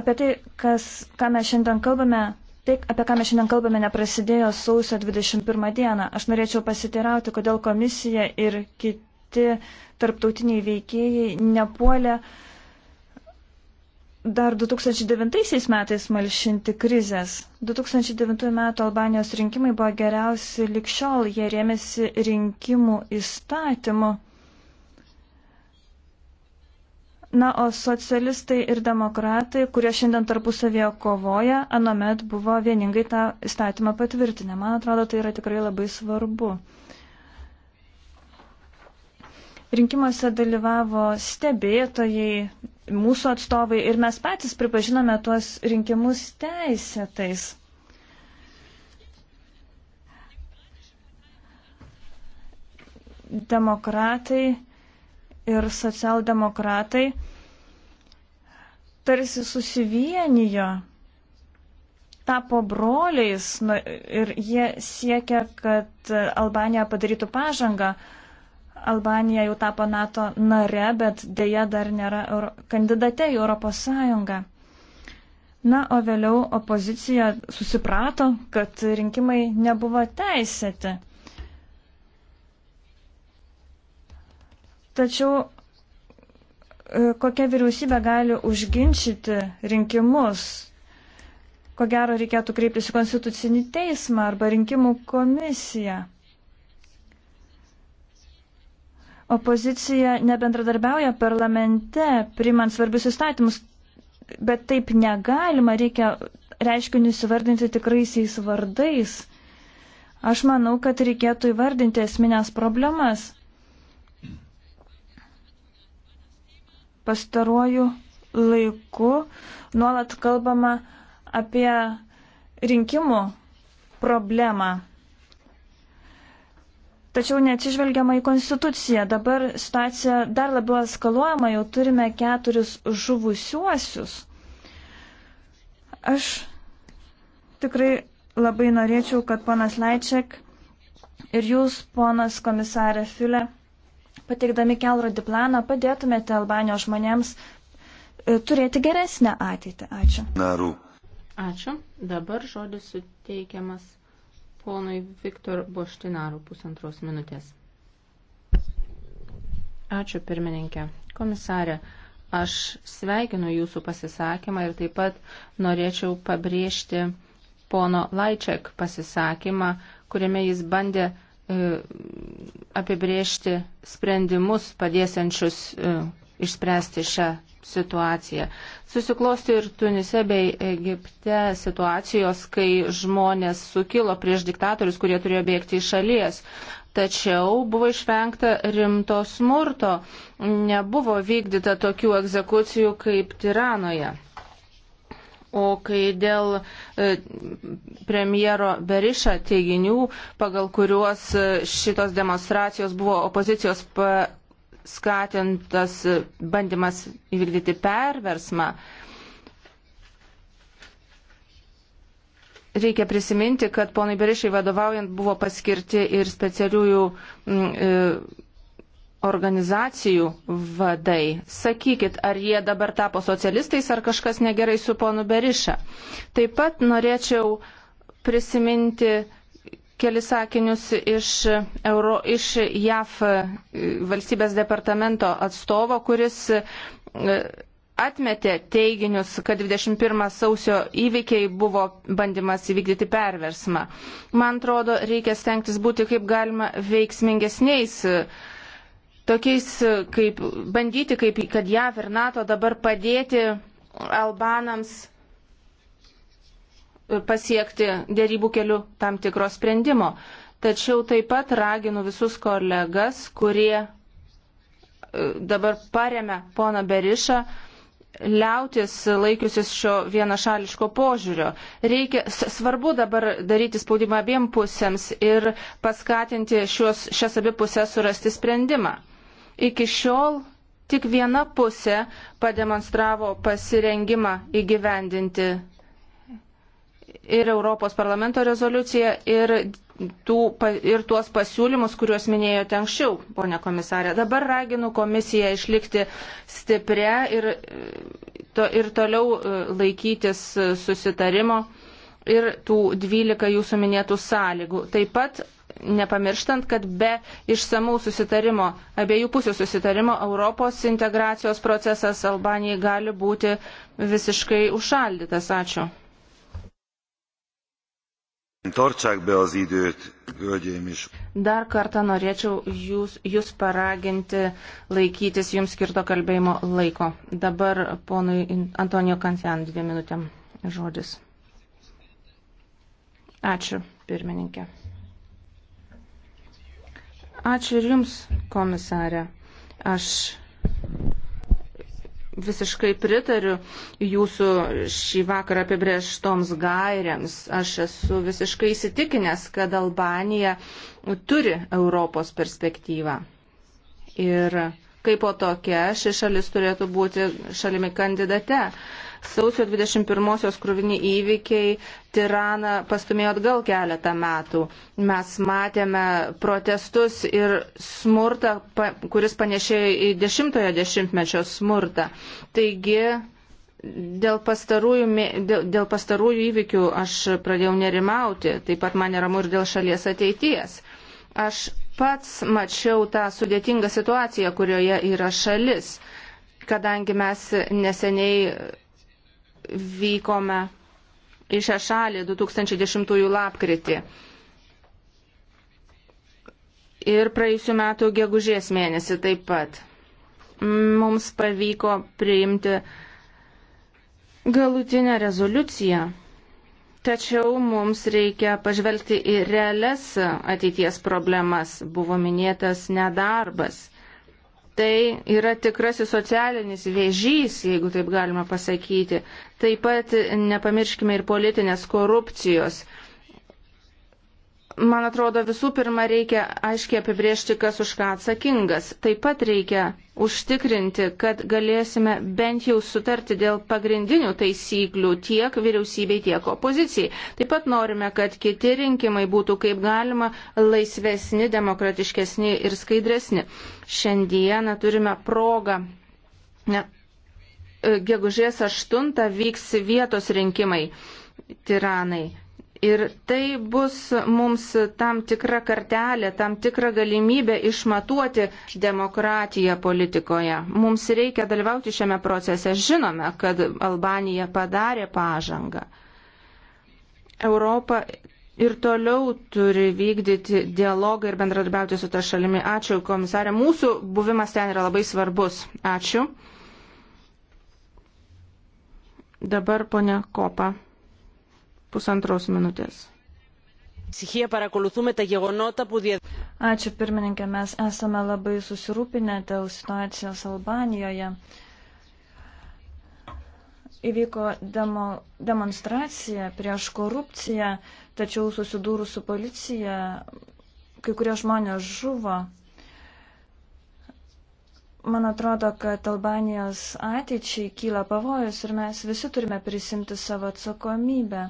Apie tai, kas, ką mes šiandien kalbame, tai, apie ką mes šiandien kalbame, neprasidėjo sausio 21 dieną. Aš norėčiau pasiteirauti, kodėl komisija ir kiti tarptautiniai veikėjai nepuolė uh, dar 2009 metais malšinti krizės. 2009 metų Albanijos rinkimai buvo geriausi likščiol, jie rėmėsi rinkimų įstatymu. Na, o socialistai ir demokratai, kurie šiandien tarpusavėje kovoja, anomet buvo vieningai tą įstatymą patvirtinę. Man atrodo, tai yra tikrai labai svarbu. Rinkimuose dalyvavo stebėtojai, mūsų atstovai ir mes patys pripažinome tuos rinkimus teisėtais. Demokratai ir socialdemokratai tarsi susivienijo, tapo broliais nu, ir jie siekia, kad Albanija padarytų pažangą. Albanija jau tapo NATO nare, bet dėja dar nėra kandidate į Europos Sąjungą. Na, o vėliau opozicija susiprato, kad rinkimai nebuvo teisėti. Tačiau e, kokia vyriausybė gali užginčyti rinkimus? Ko gero reikėtų kreiptis į konstitucinį teismą arba rinkimų komisiją. Opozicija nebendradarbiauja parlamente, primant svarbius įstatymus, bet taip negalima, reikia reiškinius įvardinti tikraisiais vardais. Aš manau, kad reikėtų įvardinti esminės problemas. Pastaruoju laiku nuolat kalbama apie rinkimų problemą tačiau neatsižvelgiama į konstituciją. Dabar situacija dar labiau eskaluojama, jau turime keturis žuvusiuosius. Aš tikrai labai norėčiau, kad ponas Laičiak ir jūs, ponas komisarė Filė, pateikdami kelrodį planą, padėtumėte Albanijos žmonėms e, turėti geresnę ateitį. Ačiū. Naru. Ačiū. Dabar žodis suteikiamas ponui Viktor Boštinaru pusantros minutės. Ačiū pirmininkė. Komisarė, aš sveikinu jūsų pasisakymą ir taip pat norėčiau pabrėžti pono Laiček pasisakymą, kuriame jis bandė e, apibrėžti sprendimus padėsiančius e, išspręsti šią situacija. Susiklosti ir Tunise bei Egipte situacijos, kai žmonės sukilo prieš diktatorius, kurie turėjo bėgti iš šalies. Tačiau buvo išvengta rimto smurto, nebuvo vykdyta tokių egzekucijų kaip Tiranoje. O kai dėl e, premjero Beriša teiginių, pagal kuriuos e, šitos demonstracijos buvo opozicijos skatintas bandymas įvykdyti perversmą. Reikia prisiminti, kad ponai Berišai vadovaujant buvo paskirti ir specialiųjų mm, e, organizacijų vadai. Sakykit, ar jie dabar tapo socialistais, ar kažkas negerai su ponu Beriša. Taip pat norėčiau prisiminti kelis sakinius iš, Euro, iš JAF e, valstybės departamento atstovo, kuris e, atmetė teiginius, kad 21 sausio įvykiai buvo bandymas įvykdyti perversmą. Man atrodo, reikia stengtis būti kaip galima veiksmingesniais e, tokiais kaip bandyti, kaip, kad JAV ir NATO dabar padėti albanams pasiekti dėrybų keliu tam tikro sprendimo. Tačiau taip pat raginu visus kolegas, kurie e, dabar paremia poną Berišą, liautis laikiusis šio vienašališko požiūrio. Reikia, svarbu dabar daryti spaudimą abiem pusėms ir paskatinti šios, šias abi pusės surasti sprendimą. Iki šiol tik viena pusė pademonstravo pasirengimą įgyvendinti ir Europos parlamento rezoliuciją, ir, tų, ir tuos pasiūlymus, kuriuos minėjote anksčiau, ponė komisarė. Dabar raginu komisiją išlikti stiprią ir, to, ir toliau e, laikytis e, susitarimo ir tų 12 jūsų minėtų sąlygų. Taip pat nepamirštant, kad be išsamų susitarimo, abiejų pusių susitarimo, Europos integracijos procesas Albanijai gali būti visiškai užšaldytas. Ačiū. Dar kartą norėčiau jūs, jūs paraginti laikytis jums skirto kalbėjimo laiko. Dabar ponui Antonijo Kansian dvi minutėm žodis. Ačiū, pirmininkė. Ačiū ir jums, komisarė. Aš visiškai pritariu jūsų šį vakarą apibrieštoms gairiams. Aš esu visiškai įsitikinęs, kad Albanija turi Europos perspektyvą. Ir kaip po tokia ši šalis turėtų būti šalimi kandidate. Sausio 21-osios krūvini įvykiai Tiraną pastumėjo atgal keletą metų. Mes matėme protestus ir smurtą, kuris panešėjo į 10-ojo dešimtmečio smurtą. Taigi, Dėl pastarųjų, dėl, dėl pastarųjų įvykių aš pradėjau nerimauti, taip pat man neramu ir dėl šalies ateities. Aš pats mačiau tą sudėtingą situaciją, kurioje yra šalis, kadangi mes neseniai vykome į šią šalį 2010 lapkritį. Ir praėjusiu metu gegužės mėnesį taip pat. Mums pavyko priimti galutinę rezoliuciją Tačiau mums reikia pažvelgti į realias ateities problemas. Buvo minėtas nedarbas. Tai yra tikrasis socialinis vėžys, jeigu taip galima pasakyti. Taip pat nepamirškime ir politinės korupcijos. Man atrodo, visų pirma reikia aiškiai apibriežti, kas už ką atsakingas. Taip pat reikia užtikrinti, kad galėsime bent jau sutarti dėl pagrindinių taisyklių tiek vyriausybei, tiek opozicijai. Taip pat norime, kad kiti rinkimai būtų kaip galima laisvesni, demokratiškesni ir skaidresni. Šiandieną turime progą. Ne, gegužės 8 vyks vietos rinkimai tiranai. Ir tai bus mums tam tikra kartelė, tam tikra galimybė išmatuoti demokratiją politikoje. Mums reikia dalyvauti šiame procese. Žinome, kad Albanija padarė pažangą. Europa ir toliau turi vykdyti dialogą ir bendradarbiauti su ta šalimi. Ačiū, komisarė. Mūsų buvimas ten yra labai svarbus. Ačiū. Dabar ponia Kopa pusantros minutės. Ačiū pirmininkė, mes esame labai susirūpinę dėl situacijos Albanijoje. Įvyko demo, demonstracija prieš korupciją, tačiau susidūrus su policija kai kurie žmonės žuvo. Man atrodo, kad Albanijos ateičiai kyla pavojus ir mes visi turime prisimti savo atsakomybę.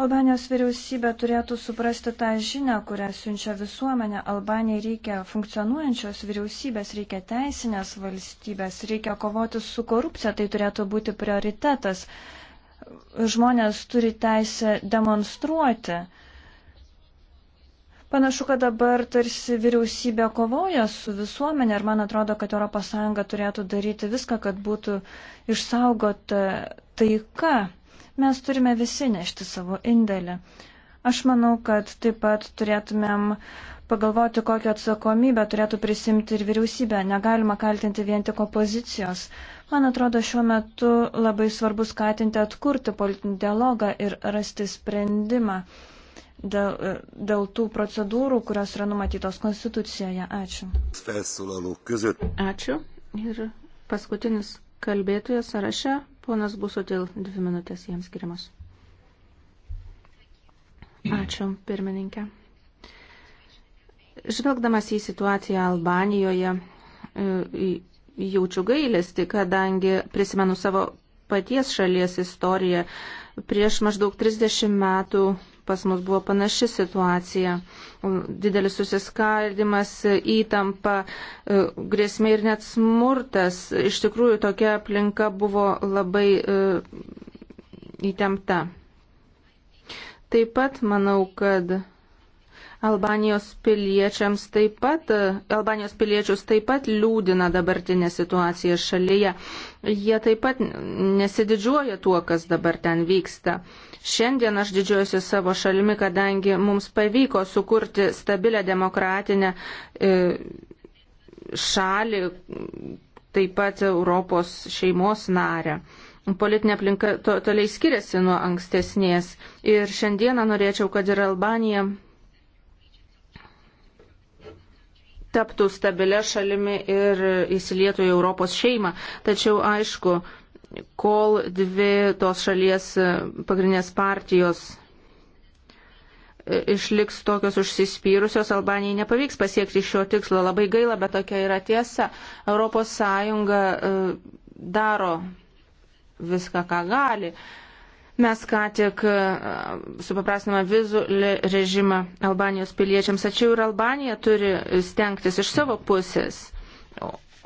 Albanijos vyriausybė turėtų suprasti tą žinę, kurią siunčia visuomenė. Albanijai reikia funkcionuojančios vyriausybės, reikia teisinės valstybės, reikia kovoti su korupcija, tai turėtų būti prioritetas. Žmonės turi teisę demonstruoti. Panašu, kad dabar tarsi vyriausybė kovoja su visuomenė ir man atrodo, kad ES turėtų daryti viską, kad būtų išsaugota taika. Mes turime visi nešti savo indėlį. Aš manau, kad taip pat turėtumėm pagalvoti, kokią atsakomybę turėtų prisimti ir vyriausybė. Negalima kaltinti vien tik opozicijos. Man atrodo, šiuo metu labai svarbu skatinti atkurti politinį dialogą ir rasti sprendimą dėl, dėl tų procedūrų, kurios yra numatytos Konstitucijoje. Ačiū. Ačiū. Ir paskutinis kalbėtojas sąraše Ponas Busutil, dvi minutės jiems skiriamas. Ačiū, pirmininkė. Žvelgdamas į situaciją Albanijoje, e, jaučiu gailestį, kadangi prisimenu savo paties šalies istoriją. Prieš maždaug 30 metų pas mus buvo panaši situacija. Didelis susiskaldimas, įtampa, e, grėsmė ir net smurtas. Iš tikrųjų tokia aplinka buvo labai e, įtempta. Taip pat manau, kad Albanijos piliečiams taip pat, Albanijos piliečius taip pat liūdina dabartinė situacija šalyje. Jie taip pat nesididžiuoja tuo, kas dabar ten vyksta. Šiandien aš didžiuojuosi savo šalimi, kadangi mums pavyko sukurti stabilę demokratinę e, šalį, taip pat Europos šeimos narę politinė aplinka to, toliai skiriasi nuo ankstesnės. Ir šiandieną norėčiau, kad ir Albanija taptų stabilę šalimi ir įsilietų į Europos šeimą. Tačiau aišku, kol dvi tos šalies e, pagrindinės partijos e, išliks tokios užsispyrusios, Albanijai nepavyks pasiekti šio tikslo. Labai gaila, bet tokia yra tiesa. Europos Sąjunga e, daro viską, ką gali. Mes ką tik e, supaprastiname vizų režimą Albanijos piliečiams, tačiau ir Albanija turi stengtis iš savo pusės.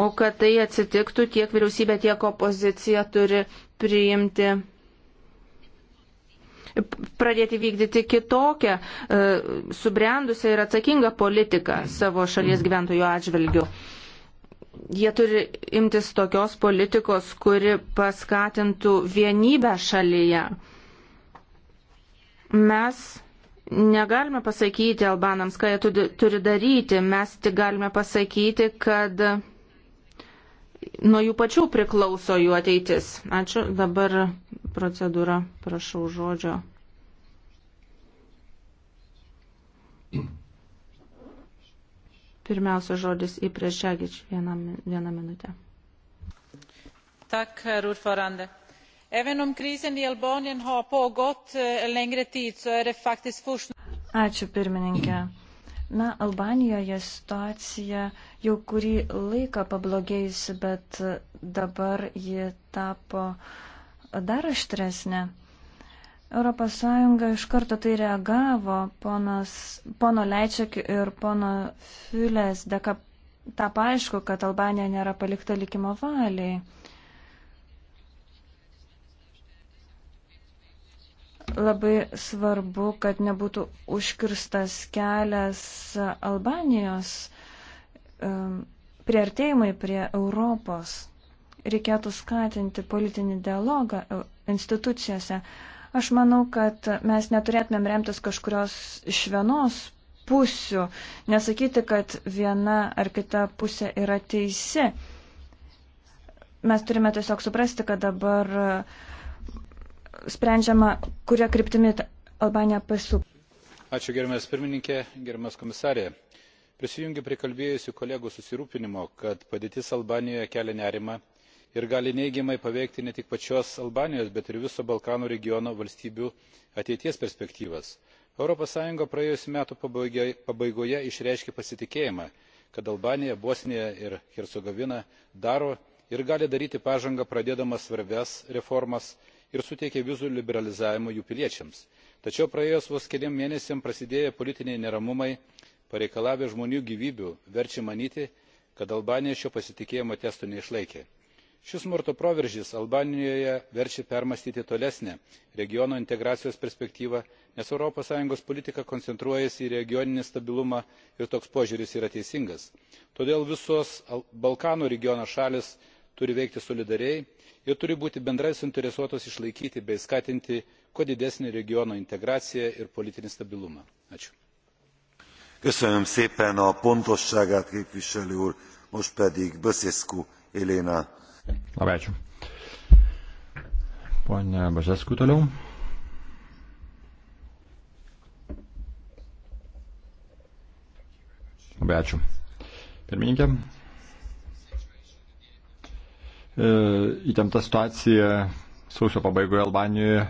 O kad tai atsitiktų, tiek vyriausybė, tiek opozicija turi priimti pradėti vykdyti kitokią, e, subrendusią ir atsakingą politiką savo šalies gyventojų atžvilgių jie turi imtis tokios politikos, kuri paskatintų vienybę šalyje. Mes negalime pasakyti albanams, ką jie turi daryti, mes tik galime pasakyti, kad nuo jų pačių priklauso jų ateitis. Ačiū. Dabar procedūra, prašau žodžio. Mm. Pirmiausia žodis į priešegič vieną, vieną minutę. Tak, herr ordförande. Även om krisen i Albanien har pågått eh, en längre tid så är det faktiskt först... Ačiū pirmininkė. Na, Albanijoje situacija jau kurį laiką pablogėjusi, bet dabar ji tapo dar aštresnė. ES iš karto tai reagavo, ponas, pono Leičiak ir pono Filės dėka tapo aišku, kad Albanija nėra palikta likimo valiai. Labai svarbu, kad nebūtų užkirstas kelias Albanijos um, prieartėjimai prie Europos. Reikėtų skatinti politinį dialogą e, institucijose. Aš manau, kad mes neturėtumėm remtis kažkurios iš vienos pusių, nesakyti, kad viena ar kita pusė yra teisi. Mes turime tiesiog suprasti, kad dabar sprendžiama, kuria kryptimi Albanija pasuk. Ačiū gerbiamas pirmininkė, gerbiamas komisarė prisijungiu prie kalbėjusių kolegų susirūpinimo kad padėtis albanijoje kelia nerimą ir gali neigiamai paveikti ne tik pačios albanijos bet ir viso balkanų regiono valstybių ateities perspektyvas. europos sąjunga praėjusių metų pabaigoje išreiškė pasitikėjimą kad albanija bosnija ir hercegovina daro ir gali daryti pažangą pradėdama svarbias reformas ir suteikė vizų liberalizavimą jų piliečiams. tačiau praėjus vos keliems mėnesiams prasidėję politiniai neramumai pareikalavę žmonių gyvybių verčia manyti kad albanija šio pasitikėjimo testo neišlaikė šis smurto proveržis albanijoje verčia permąstyti tolesnę regiono integracijos perspektyvą nes europos sąjungos politika koncentruojasi į regioninį stabilumą ir toks požiūris yra teisingas. todėl visos balkanų regiono šalys turi veikti solidariai ir turi būti bendrai suinteresuotos išlaikyti bei skatinti kuo didesnį regiono integraciją ir politinį stabilumą. köszönöm szépen a pontosságát képviselő úr most pedig bsescu elena Labai ačiū. Pone Bažesku toliau. Labai ačiū. Pirmininkė. E, įtempta situacija sausio pabaigoje Albanijoje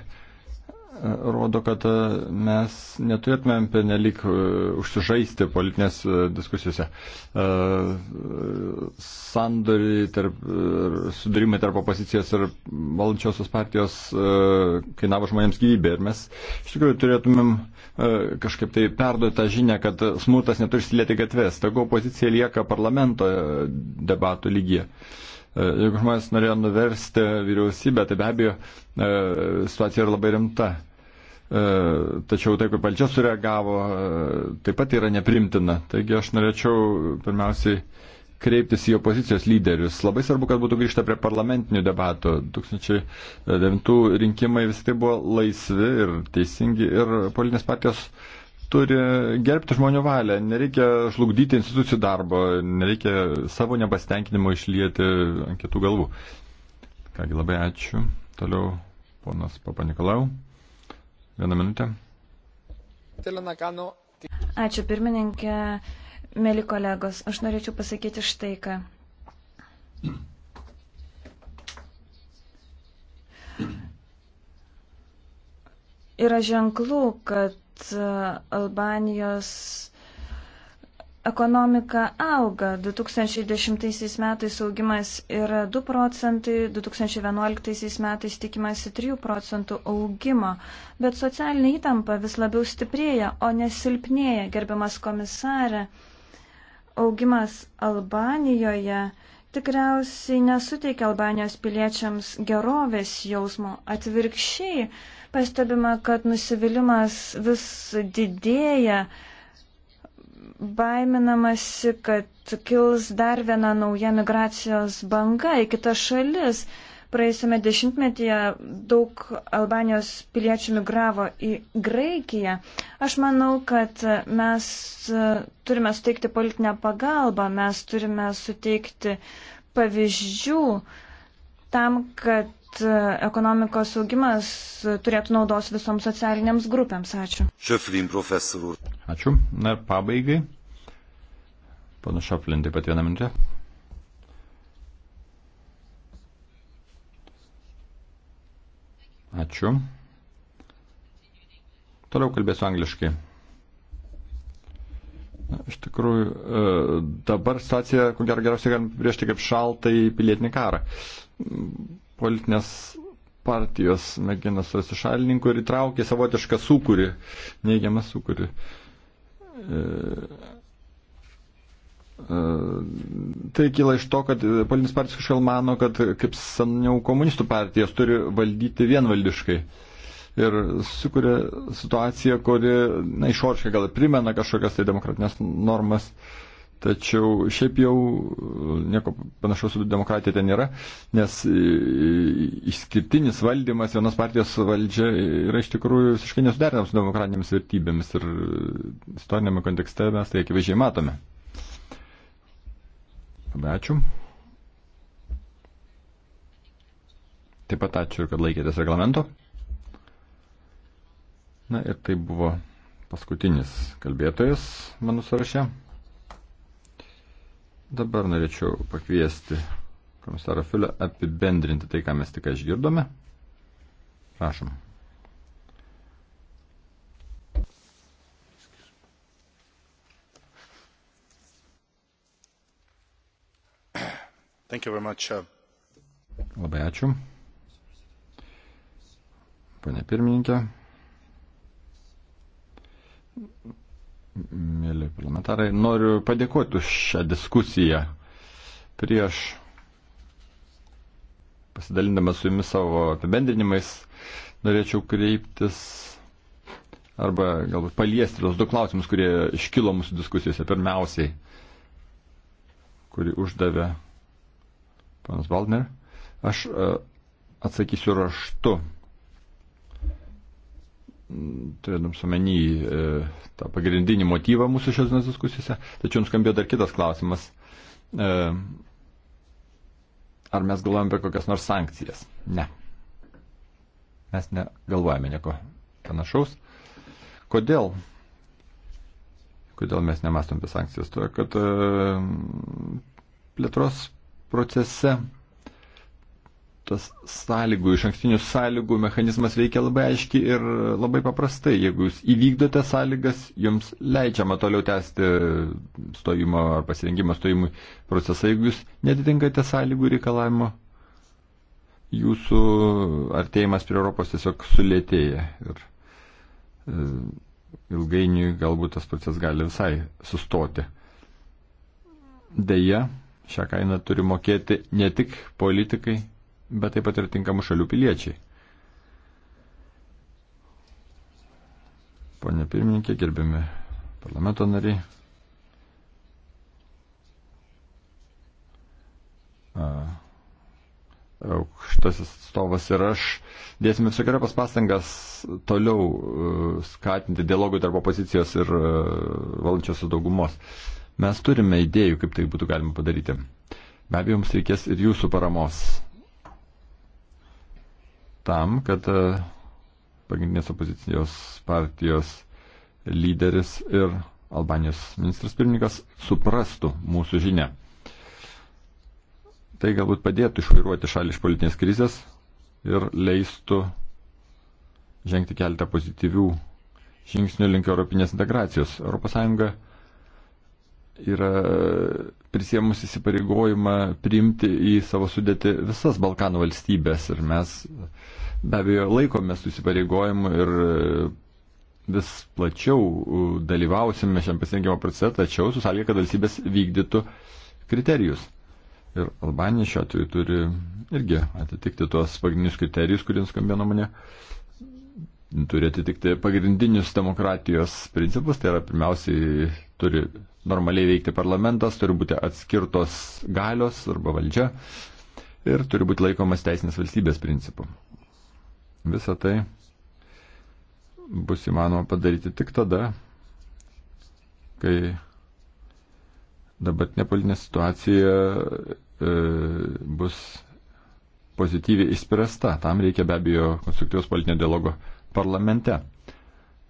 rodo, kad e, mes neturėtumėm pernelik e, užsižaisti politinės e, diskusijose. Sandoriai, tarp, sudarimai tarp opozicijos ir valdančiosios partijos kainavo žmonėms gyvybę ir mes iš tikrųjų turėtumėm kažkaip tai perduoti tą žinę, kad smurtas neturi silėti gatves, tegu opozicija lieka parlamento debatų lygyje. E, jeigu žmonės norėjo nuversti vyriausybę, tai be abejo e, situacija yra labai rimta. E, tačiau taip, kaip valdžia sureagavo, taip pat yra neprimtina. Taigi aš norėčiau pirmiausiai kreiptis į opozicijos lyderius. Labai svarbu, kad būtų grįžta prie parlamentinių debatų. 2009 rinkimai vis tai buvo laisvi ir teisingi ir politinės partijos turi gerbti žmonių valią, nereikia žlugdyti institucijų darbo, nereikia savo nepastenkinimo išlieti ant kitų galvų. Kągi labai ačiū. Toliau ponas Papanikolau. Vieną minutę. Ačiū pirmininkė, mėly kolegos. Aš norėčiau pasakyti štai ką. Yra ženklų, kad E, Albanijos ekonomika auga. 2010 metais augimas yra 2 procentai, 2011 metais tikimasi 3 procentų augimo. Bet socialinė įtampa vis labiau stiprėja, o nesilpnėja, gerbiamas komisarė. Augimas Albanijoje tikriausiai nesuteikia Albanijos piliečiams gerovės jausmo atvirkščiai Pastebima, kad nusivylimas vis didėja, baiminamasi, kad kils dar viena nauja migracijos banga į kitas šalis. Praėjusiame dešimtmetyje daug Albanijos piliečių migravo į Graikiją. Aš manau, kad mes turime suteikti politinę pagalbą, mes turime suteikti pavyzdžių tam, kad E, ekonomikos augimas e, turėtų naudos visoms socialinėms grupėms. Ačiū. Šeflin, profesorų. Ačiū. Na ir pabaigai. Pana Šaflin, taip pat vieną minutę. Ačiū. Toliau kalbėsiu angliškai. Na, iš tikrųjų, e, dabar situacija, ko gero, geriausiai galim priešti kaip šaltą į pilietinį karą politinės partijos mėgina surasti šalininkų ir įtraukė savotišką sukūrį, neigiamą sukūrį. E, e, tai kyla iš to, kad politinis partijos kažkaip mano, kad kaip seniau komunistų partijos turi valdyti vienvaldiškai. Ir sukuria situaciją, kuri, na, išorškai gal primena kažkokias tai demokratinės normas. E, Tačiau šiaip jau e, nieko panašaus su demokratija ten nėra, nes e, e, išskirtinis valdymas vienos partijos valdžia yra iš tikrųjų visiškai nesuderinamas su demokratinėmis vertybėmis ir istorinėme kontekste mes tai akivaizdžiai matome. Labai ačiū. Taip pat ačiū ir kad laikėtės reglamento. Na ir tai buvo paskutinis kalbėtojas mano sąraše. Dabar norėčiau pakviesti komisarą Filę apibendrinti tai, ką mes tik išgirdome. Prašom. Uh, Labai ačiū. Pane pirmininkė, Mėly parlamentarai, noriu padėkoti už šią diskusiją. Prieš pasidalindamas su jumis savo apibendrinimais, norėčiau kreiptis arba galbūt paliesti tos du klausimus, kurie iškilo mūsų diskusijose. Pirmiausiai, kurį uždavė panas Baldner, aš e, atsakysiu raštu turėdams omeny e, tą pagrindinį motyvą mūsų šios diskusijose. Tačiau jums skambėjo dar kitas klausimas. E, ar mes galvojame apie kokias nors sankcijas? Ne. Mes negalvojame nieko panašaus. Kodėl? Kodėl mes nemastom apie sankcijas? Tuo, kad e, plėtros procese tas sąlygų, iš ankstinių sąlygų mechanizmas veikia labai aiškiai ir labai paprastai. Jeigu jūs įvykdote sąlygas, jums leidžiama toliau tęsti stojimo ar pasirengimo stojimui procesą. Jeigu jūs netitinkate sąlygų reikalavimo, jūsų artėjimas prie Europos tiesiog sulėtėja. Ir e, ilgainiui galbūt tas procesas gali visai sustoti. Deja, šią kainą turi mokėti ne tik politikai, bet taip pat ir tinkamų šalių piliečiai. Pone pirmininkė, gerbiami parlamento nariai. Aukštasis atstovas ir aš dėsime visokiojopas pastangas toliau e, skatinti dialogų tarp opozicijos ir e, valdančiosios daugumos. Mes turime idėjų, kaip tai būtų galima padaryti. Be abejo, mums reikės ir jūsų paramos tam, kad e, pagrindinės opozicijos partijos lyderis ir Albanijos ministras pirmininkas suprastų mūsų žinę. Tai galbūt padėtų išvairuoti šalį iš politinės krizės ir leistų žengti keletą pozityvių žingsnių link Europinės integracijos. ES yra prisėmus įsipareigojimą priimti į savo sudėti visas Balkanų valstybės ir mes be abejo laikomės tų įsipareigojimų ir vis plačiau dalyvausime šiam pasirinkimo procese, tačiau su sąlyga, kad valstybės vykdytų kriterijus. Ir Albanija šiuo atveju turi irgi atitikti tuos pagrindinius kriterijus, kuriems skambėjo nuomonė. Turi atitikti pagrindinius demokratijos principus, tai yra pirmiausiai turi normaliai veikti parlamentas, turi būti atskirtos galios arba valdžia ir turi būti laikomas teisinės valstybės principų. Visą tai bus įmanoma padaryti tik tada, kai dabartinė politinė situacija e, bus pozityviai išspręsta. Tam reikia be abejo konstruktyvus politinio dialogo parlamente.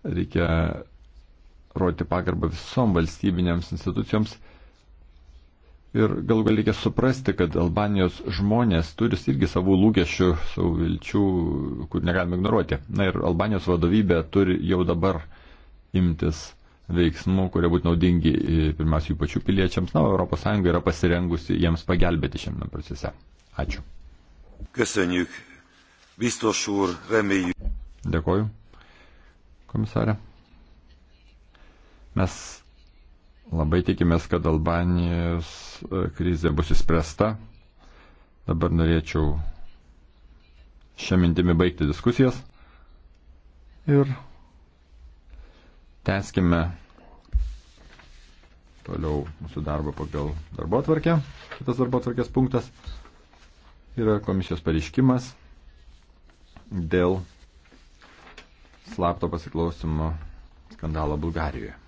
Reikia rodyti pagarbą visom valstybinėms institucijoms. Ir gal gal reikia suprasti, kad Albanijos žmonės turi irgi savų lūkesčių, savų vilčių, kur negalime ignoruoti. Na ir Albanijos vadovybė turi jau dabar imtis veiksmų, kurie būtų naudingi e, pirmiausia jų pačių piliečiams. Na, ES yra pasirengusi jiems pagelbėti šiame procese. Ačiū. Köszönjük. Biztos úr, reméljük. Dėkoju. Komisarė. Mes labai tikimės, kad Albanijos e, krizė bus įspręsta. Dabar norėčiau šią mintimį baigti diskusijas ir tęskime toliau mūsų darbą pagal darbo atvarkę. Kitas darbo atvarkės punktas yra komisijos pareiškimas dėl slapto pasiklausimo skandalo Bulgarijoje.